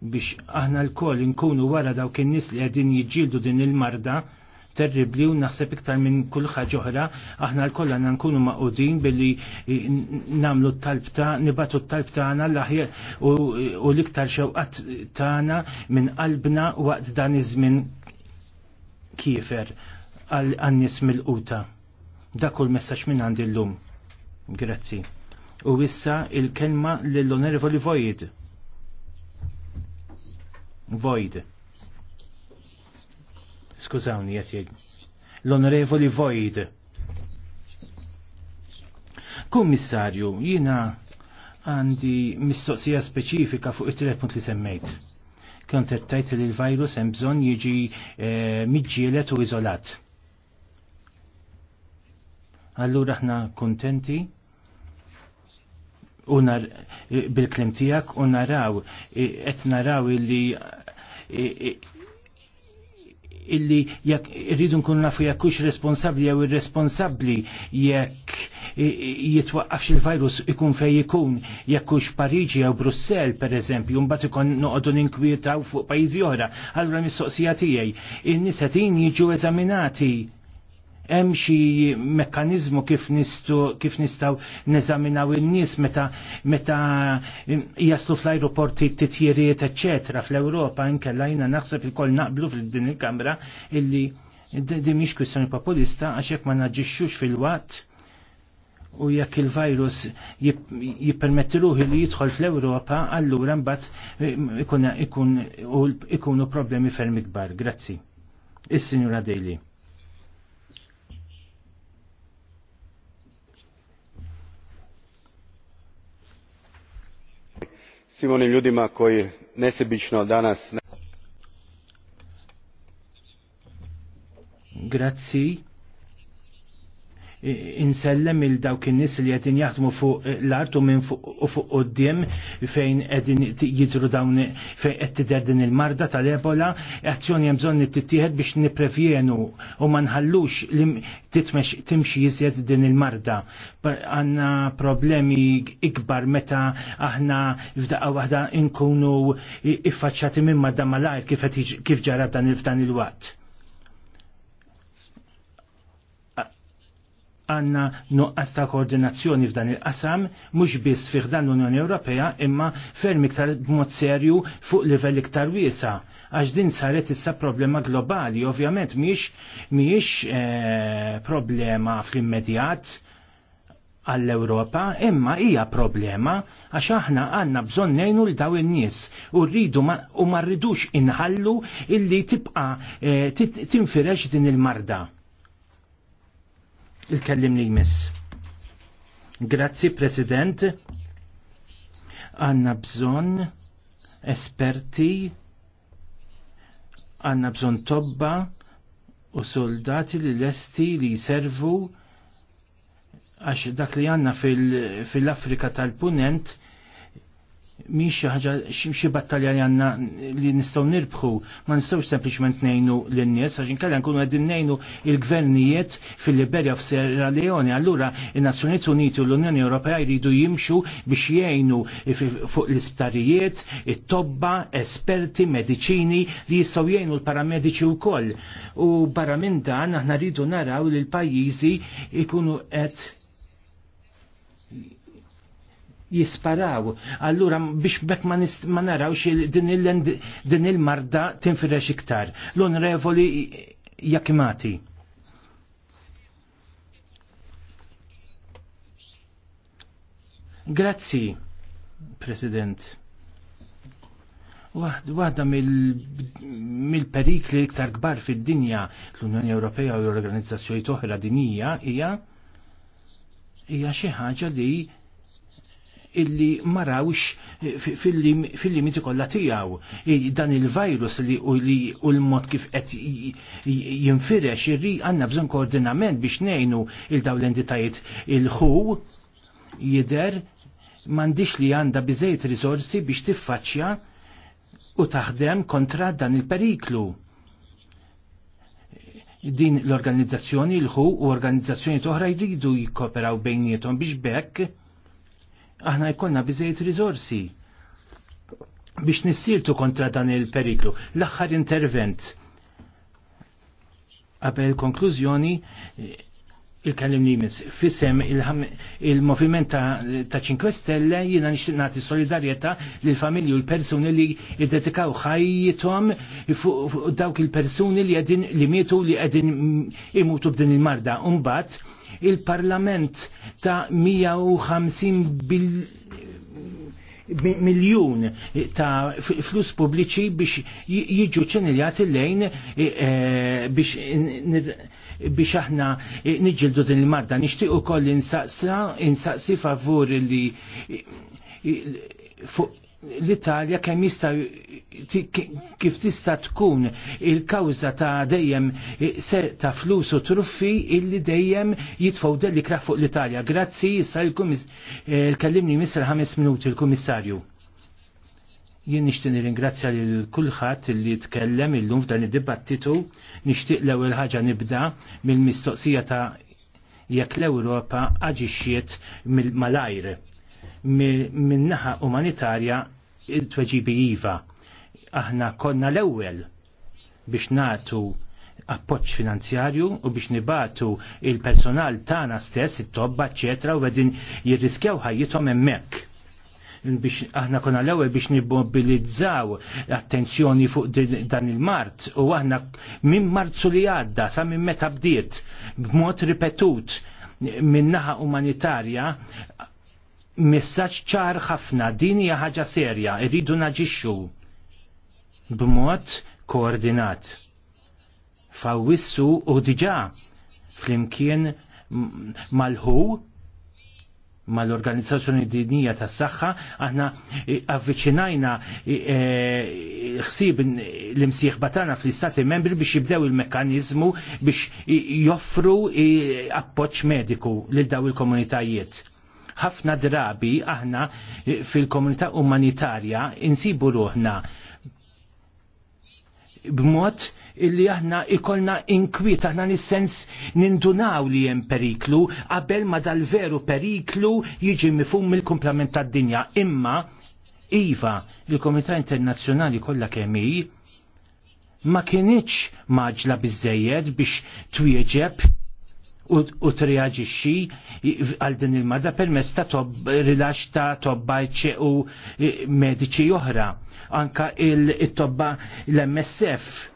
biex aħna l-koll nkunu wara dawk in-nies li qegħdin jiġġieldu din il-marda terribli u naħseb iktar minn kull ħaġa aħna l-kollha nkunu maqudin billi namlu t-talb ta' nibatu t-talb tagħna l-aħjar u l-iktar xewqat tagħna minn qalbna waqt dan iż-żmien kiefer għal annis mill-quta. Dak kull messaġġ minn għandi llum. Grazzi. U issa il-kelma lill-Onorevoli Void. Void skużawni jgħet l-onorevoli Void. Kummissarju, jina għandi mistoqsija speċifika fuq it-tret punt li semmejt. Kont tajt li l-virus hemm bżonn jiġi eh, miġġielet u iżolat. Allura aħna kontenti unar eh, bil-klim tiegħek u naraw, eh, qed naraw illi illi jekk irridu nkunu nafu jekk hux responsabbli jew irresponsabbli jekk jitwaqqafx il-virus ikun fej ikun jekk hux Pariġi jew Brussell pereżempju mbagħad ikun noqogħdu ninkwietaw fuq pajjiżi oħra. Allura mistoqsija tiegħi in-nies qed jiġu eżaminati hemm xi mekkaniżmu kif nistu kif nistgħu neżaminaw in-nies meta meta jaslu fl-ajruporti titjiriet eċetera fl-Ewropa inkella jiena naħseb ilkoll naqblu fil-din il-Kamra illi di mhix kwistjoni populista għax jekk ma naġixxux fil-watt u jekk il-virus jippermettiluħi li jidħol fl-Ewropa, allura mbagħad ikunu problemi ferm ikbar. Grazzi. Is-Sinjura Dejli. svim onim ljudima koji nesebično danas Grazzi insellem il dawk in-nies li qegħdin jaħdmu fuq l-art u minn fuq fuq qudiem fejn qegħdin jidru dawn fejn qed tidher din il-marda tal-Ebola, azzjoni hemm bżonn tittieħed biex nipprevjenu u ma nħallux li titmex timxi jiżjed din il-marda. Għandna problemi ikbar meta aħna f'daqqa waħda nkunu iffaċċati minn madda malajr kif ġara dan il-ftan il-watt għanna nuqqas ta' koordinazzjoni f'dan il-qasam, mhux biss fih dan l-Unjoni Ewropea, imma ferm iktar b'mod serju fuq livell iktar wiesa. Għax din saret issa problema globali, ovvjament miex eh, problema fl-immedjat għall-Europa, imma hija problema għax aħna għanna bżonn nejnu l daw in-nies u rridu u ma rridux inħallu illi tibqa' eh, tinfirex din il-marda il-kellimni jmiss. Grazzi, President. Għanna bżon esperti, għanna bżon tobba u soldati li lesti li jservu għax dak li għanna fil-Afrika fil tal-Punent miex ħaġa xi battalja li għandna li nistgħu nirbħu, ma nistgħux sempliċement ngħinu lin-nies għax inkella nkunu qegħdin ngħinu il-gvernijiet fil-Liberja f'Sierra Leone. Allura in-Nazzjonijiet Uniti u l-Unjoni Ewropea jridu jimxu biex jgħinu fuq l-isptarijiet, it-tobba, esperti, mediċini li jistgħu jgħinu l-paramediċi wkoll. U barra minn dan aħna rridu naraw li l-pajjiżi jkunu qed jisparaw. Allura biex bekk ma narawx din il-marda tinfirex iktar. L-onrevoli jakimati. Grazzi, President. Waħda mill-perikli mil iktar kbar fid-dinja l-Unjoni Ewropea u l-organizzazzjoni toħra dinija hija hija xi ħaġa li illi marawx eh, fil-limiti kollha tiegħu. Dan il-virus li u l-mod kif qed jinfirex irri għandna bżonn koordinament biex ngħinu il daw l-entitajiet il-ħu jider m'għandix li għandha biżejt riżorsi biex tiffaċċja u taħdem kontra dan il-periklu din l-organizzazzjoni l-ħu u organizzazzjoni toħra jridu jikkoperaw bejnietom biex bekk aħna jkollna biżejjed rizorsi biex nissirtu kontra dan il-periklu. L-aħħar intervent. Qabel konklużjoni il kallim li jmiss. Fissem il-moviment ta' 5 Stelle jina nixtieq nagħti solidarjetà lil familji u l-persuni li id ħajjithom xajjitom dawk il-persuni li qegħdin li mietu li qegħdin imutu b'din il-marda. Umbagħad il-Parlament ta' 150 bil miljun ta' flus pubbliċi biex jiġu ċeniljat il-lejn e, e, biex biex aħna e, niġildu din il-marda. Nixtieq ukoll insaqsi favur li fuq l-Italja kemm jista' kif tista' tkun il-kawża ta' dejjem ser ta' flus u truffi illi dejjem jitfgħu li kraħ fuq l-Italja. Grazzi, issa l eh, kallimni misra ħames minuti l kummissarju Jien nixtieq nirringrazzja l kulħadd li tkellem illum f'dan id-dibattitu, nixtieq l-ewwel ħaġa nibda mill-mistoqsija ta' jekk l-Ewropa aġixxiet mill-malajr min-naħa umanitarja il-tweġibi iva. Aħna konna l-ewwel biex natu appoċ finanzjarju u biex nibatu il-personal tana stess, it-tobba, eccetera, u għedin jirriskjaw ħajjitom emmek biex aħna konna l-ewwel biex l attenzjoni fuq dan il-Mart u aħna minn Marzu li għadda sa minn meta bdiet b'mod ripetut minn naħa umanitarja messaċ ċar ħafna, din hija ħaġa serja, irridu naġixxu b'mod koordinat. Fawissu u diġà flimkien mal-ħu mal-Organizzazzjoni Dinija tas saħħa aħna avviċinajna e, e, ħsieb l imsieħ Batana fl-Istati Membri biex jibdew il-mekkaniżmu biex joffru appoġġ mediku lil daw il-komunitajiet ħafna drabi aħna fil-komunità umanitarja insibu ruħna b'mod illi aħna ikolna inkwiet, aħna nis-sens nindunaw li jem periklu, qabel ma dal-veru periklu jiġi mifum mill kumplament tad-dinja. Imma, Iva, il-Komunità Internazzjonali kollha kemm hi ma kienx maġla biżejjed biex twieġeb u triaġixxi għal din il-marda permezz ta' rilax ta' tobbajċe u e, mediċi oħra. Anka il-tobba l-MSF.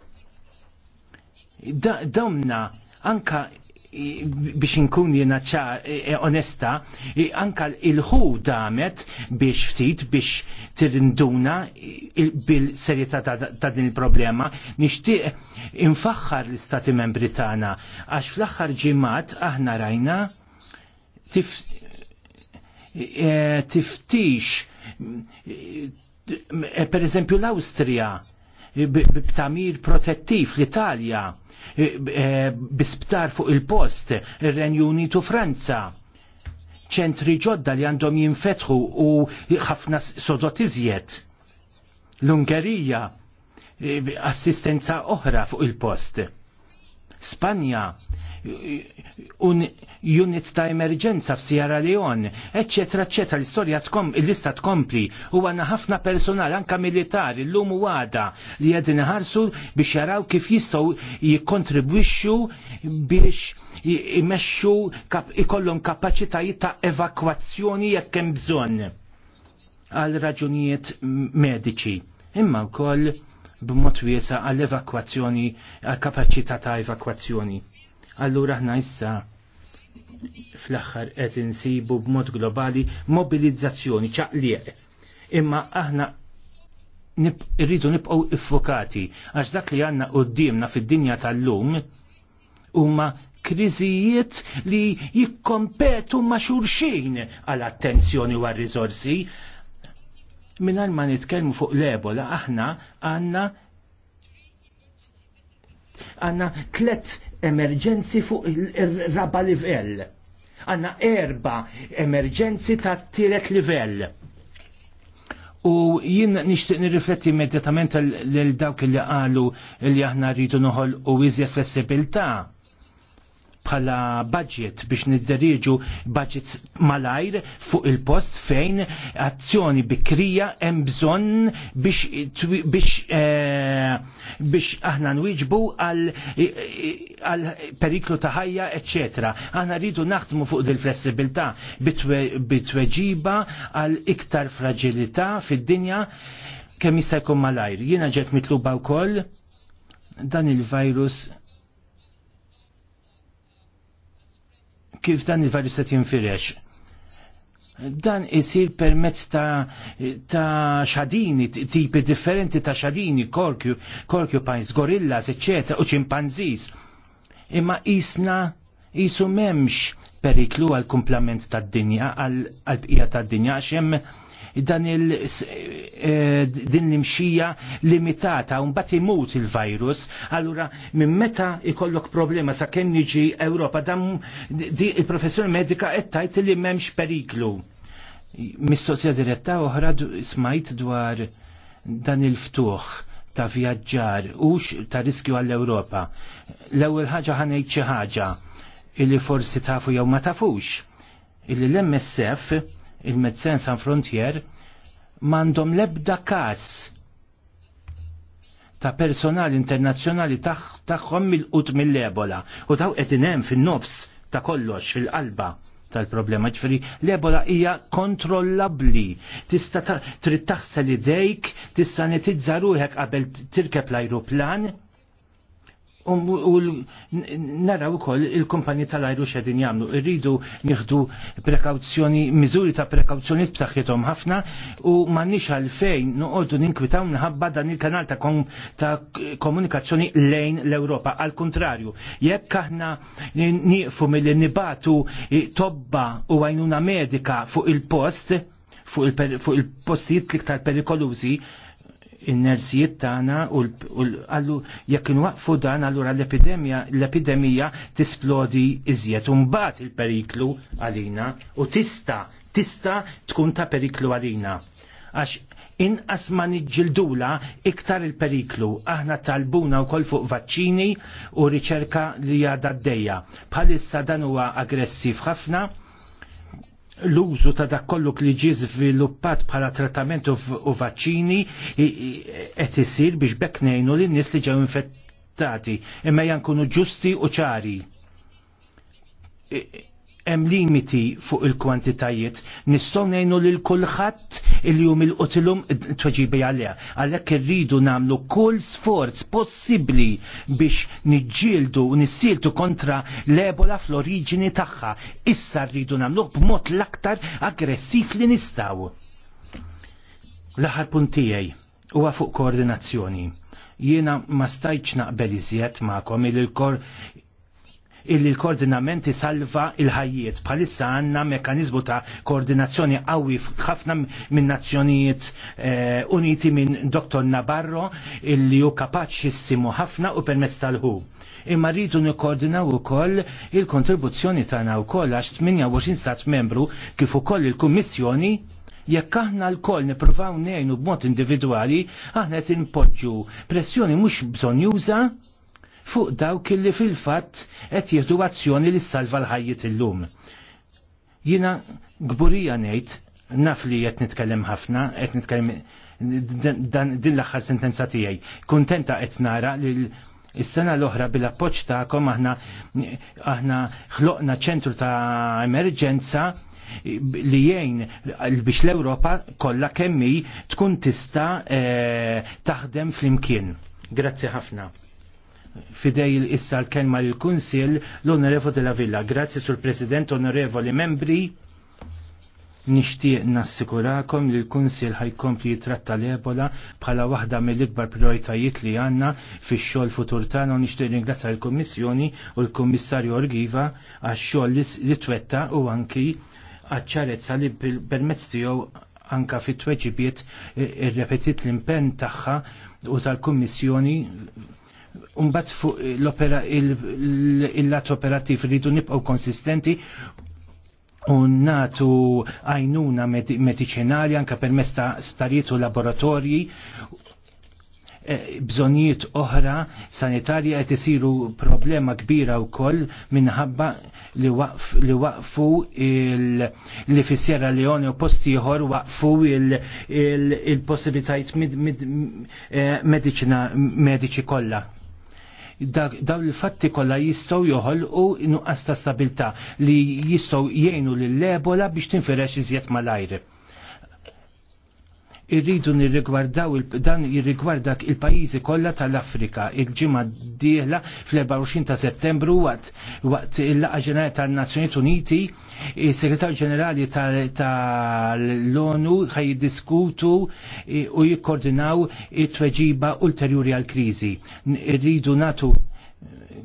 Domna, anka biex nkun jena ċar e, e, onesta, e, anka il-ħu damet biex ftit biex tirinduna bil-serjetà ta' din il-problema, nixtieq infaxħar l-istati membri tagħna għax fl-aħħar ġimgħat aħna rajna tiftix per eżempju l-Awstrija b'tamir protettiv l-Italja, e, e, b'sbtar fuq il-post, ir-Renju Unitu Franza ċentri ġodda li għandhom jinfetħu u ħafna sodot iżjed. L-Ungerija e, assistenza oħra fuq il-post. Spanja, un unit ta' emerġenza f'Sierra Leone, eccetera, eccetera, l-istorja tkom, il-lista tkompli, u għanna ħafna personal, anka militari, l-lum u għada li għedin ħarsu biex jaraw kif jistaw jikontribwixxu biex jimexxu kap, ikollhom kapaċitajiet ta' evakwazzjoni jekk hemm bżonn għal raġunijiet mediċi. Imma wkoll b'mod wiesa għall-evakwazzjoni, għall-kapaċità ta' evakwazzjoni. Allura ħna issa fl-axħar qed insibu b'mod globali mobilizzazzjoni ċaqliq. Imma aħna rridu nibqgħu iffokati għax dak li għandna qudiemna fid-dinja tal-lum huma kriżijiet li jikkompetu ma' xurxin għall attenzjoni u għar riżorsi minar ma nitkelmu fuq l-ebola, aħna għanna għanna tlet emerġenzi fuq il-raba livell. Għanna erba emerġenzi ta' tiret livell. U jien nishtiq nirrifletti immedjatament l-dawk li qalu li aħna rridu noħol u iżjed flessibilta' bħala budget biex nidderiġu budgets malajr fuq il-post fejn azzjoni bikrija hemm bżonn biex biex eh, biex aħna nwieġbu għal periklu ta' ħajja, eċċetera. Aħna rridu naħdmu fuq il flessibilità bitweġiba għal iktar fragilità fid-dinja kemm jista' jkun malajr. Jiena ġek mitluba wkoll dan il-virus kif dan il-virus qed jinfirex. Dan isir permezz ta', ta xadini, tipi differenti ta' xadini, korkju, korkju pajs, gorillas, ecc. u ċimpanzis. Imma isna jisu memx periklu għal kumplament tad dinja għal bqija tad dinja għax hemm dan il eh, din l-imxija limitata un bat imut il-virus allura minn meta ikollok problema sa' kemm niġi Ewropa dan il-professjoni medika qed tajt li m'hemmx periklu. Mistoqsija diretta oħra smajt dwar dan il-ftuħ ta' vjaġġar ux ta' riskju għall-Ewropa. L-ewwel ħaġa ħanejt xi ħaġa illi forsi tafu jew ma tafux illi l-MSF il-Medicine San Frontier mandom lebda kas ta' personal internazzjonali tagħhom mil qut mill-ebola u taw etinem hemm fin-nofs ta' kollox fil-qalba tal-problema ġifiri l-ebola hija kontrollabbli. Tista' trid taħsel idejk, tista' netizza ruħek qabel tirkeb l-ajruplan, u naraw ukoll il-kumpani tal-ajru xedin jagħmlu. Irridu nieħdu prekawzjoni, miżuri ta' prekawzjoni b'saħħithom ħafna u m'għandniex għalfejn noqogħdu ninkwitaw minħabba dan il-kanal ta', ta komunikazzjoni lejn l-Ewropa. Al kontrarju, jekk aħna nieqfu milli nibatu tobba u għajnuna medika fuq il-post, fuq il-postijiet l ktar perikolużi, in-nersijiet tagħna u għallu jekk inwaqfu dan allura l-epidemija l-epidemija tisplodi iżjed u mbagħad il-periklu għalina u tista tista tkun ta' periklu għalina. Għax inqas ma niġġildula iktar il-periklu. Aħna talbuna u kol fuq vaċċini u riċerka li għadha d-dejja. Bħalissa dan huwa aggressiv ħafna l-użu ta' dak kollu li ġi żviluppat bħala trattament u vaċċini qed isir biex bekk ngħinu lin-nies li ġew infettati imma jankunu ġusti u ċari hemm limiti fuq il-kwantitajiet nistgħu ngħinu lil kulħadd il-jum il qutilhom tweġibi għalija. Għalhekk irridu nagħmlu kull sforz possibbli biex niġġieldu u nissieltu kontra l-ebola fl-oriġini tagħha. Issa rridu nagħmluh b'mod l-aktar aggressiv li nistgħu. L-aħħar punt tiegħi huwa fuq koordinazzjoni jiena ma stajċ naqbel iżjed magħkom il-kor illi l-koordinamenti salva il-ħajiet. Bħalissa għanna mekanizmu ta' koordinazzjoni qawwi ħafna minn Nazzjonijiet eh, Uniti minn Dr. Nabarro illi hu kapaċi simu ħafna u permezz tal-ħu. Imma rridu nikkoordinaw ukoll il-kontribuzzjoni tagħna wkoll għax 28 stat membru kif ukoll il-Kummissjoni jekk aħna l-koll nipruvaw nejnu b'mod individwali, aħna qed inpoġġu pressjoni mhux juża fuq dawk li fil-fatt qed jieħdu azzjoni li salva l-ħajjiet illum. Jina gburija ngħid naf li qed nitkellem ħafna, qed nitkellem dan din l-aħħar sentenza tiegħi. Kuntenta qed nara li Is-sena l-oħra bil-appoġġ tagħkom aħna aħna ħloqna ċentru ta' emerġenza li jgħin biex l-Ewropa kollha kemmi tkun tista' eh, taħdem flimkien. Grazzi ħafna fidej issa l-kelma l-Kunsil l-Onorevo della Villa. Grazzi sul President, onorevoli membri. Nishtiq nassikurakom li l-Kunsil ħajkompli jitratta l-Ebola bħala waħda mill-ikbar prioritajiet li għanna fi xogħol futur tagħna u nixtieq ringrazzja l-Kummissjoni u l-Kummissarju Orgiva għax-xogħol li twetta u anki għacċarezza li permezz tiegħu anka fit-tweġibiet eh, irrepetit l-impenn tagħha u tal-Kummissjoni Umbat fuq il-lat operativ rridu nibqgħu konsistenti u natu għajnuna medicinali anka permess ta' starijiet u laboratorji e, bżonijiet oħra sanitarja qed isiru problema kbira wkoll minħabba li waqfu li fi Sierra Leone u posti ieħor waqfu il-possibilitajiet e, mediċi kollha daw il-fatti kollha jistgħu joħolqu nuqqas ta' stabilta li jistgħu jgħinu lill-ebola biex tinfirex iżjed mal-ajr irridu nirrigwardaw dan jirrigwardak il-pajjiżi kollha tal-Afrika il-ġimgħa d-dieħla fl-24 ta' Settembru waqt waqt il-laqgħa ġenerali tan-Nazzjonijiet Uniti is-Segretarju Ġenerali tal-ONU ħaj jiddiskutu eh, u jikkoordinaw it-tweġiba ulterjuri għall kriżi Irridu natu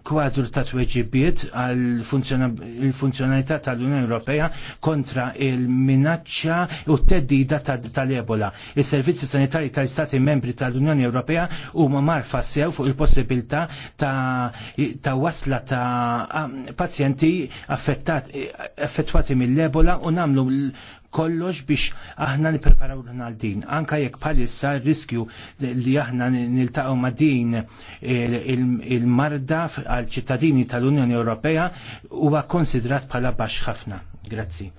kwadru ta' tweġibiet għal il-funzjonalità tal-Unjoni Ewropea kontra il-minaccia u t-teddida tal-ebola. Is-servizzi sanitarji tal-Stati membri tal-Unjoni Ewropea huma marfa sew fuq il-possibilità ta' wasla ta' pazjenti affettwati mill-ebola u namlu kollox biex aħna nipreparaw għal din. Anka jekk palissa riskju li aħna niltaqgħu ma' din il-marda għal ċittadini tal-Unjoni Ewropea huwa konsidrat bħala baxx ħafna. Grazzi.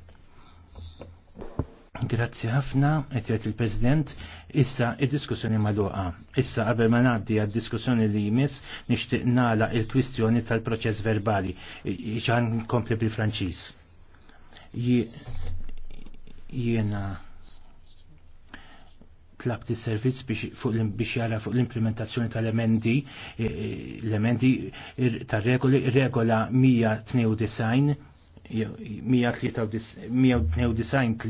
Grazzi ħafna, qed il-President, issa il diskussjoni magħluqa. Issa qabel ma ngħaddi għad-diskussjoni li jmiss nixtieq nagħlaq il-kwistjoni tal-proċess verbali. Iċan kompli bil-Franċiż jiena tlabt il-servizz biex jara fuq l-implementazzjoni tal-emendi, eh, eh, l-emendi tal-regoli, regola 192, 192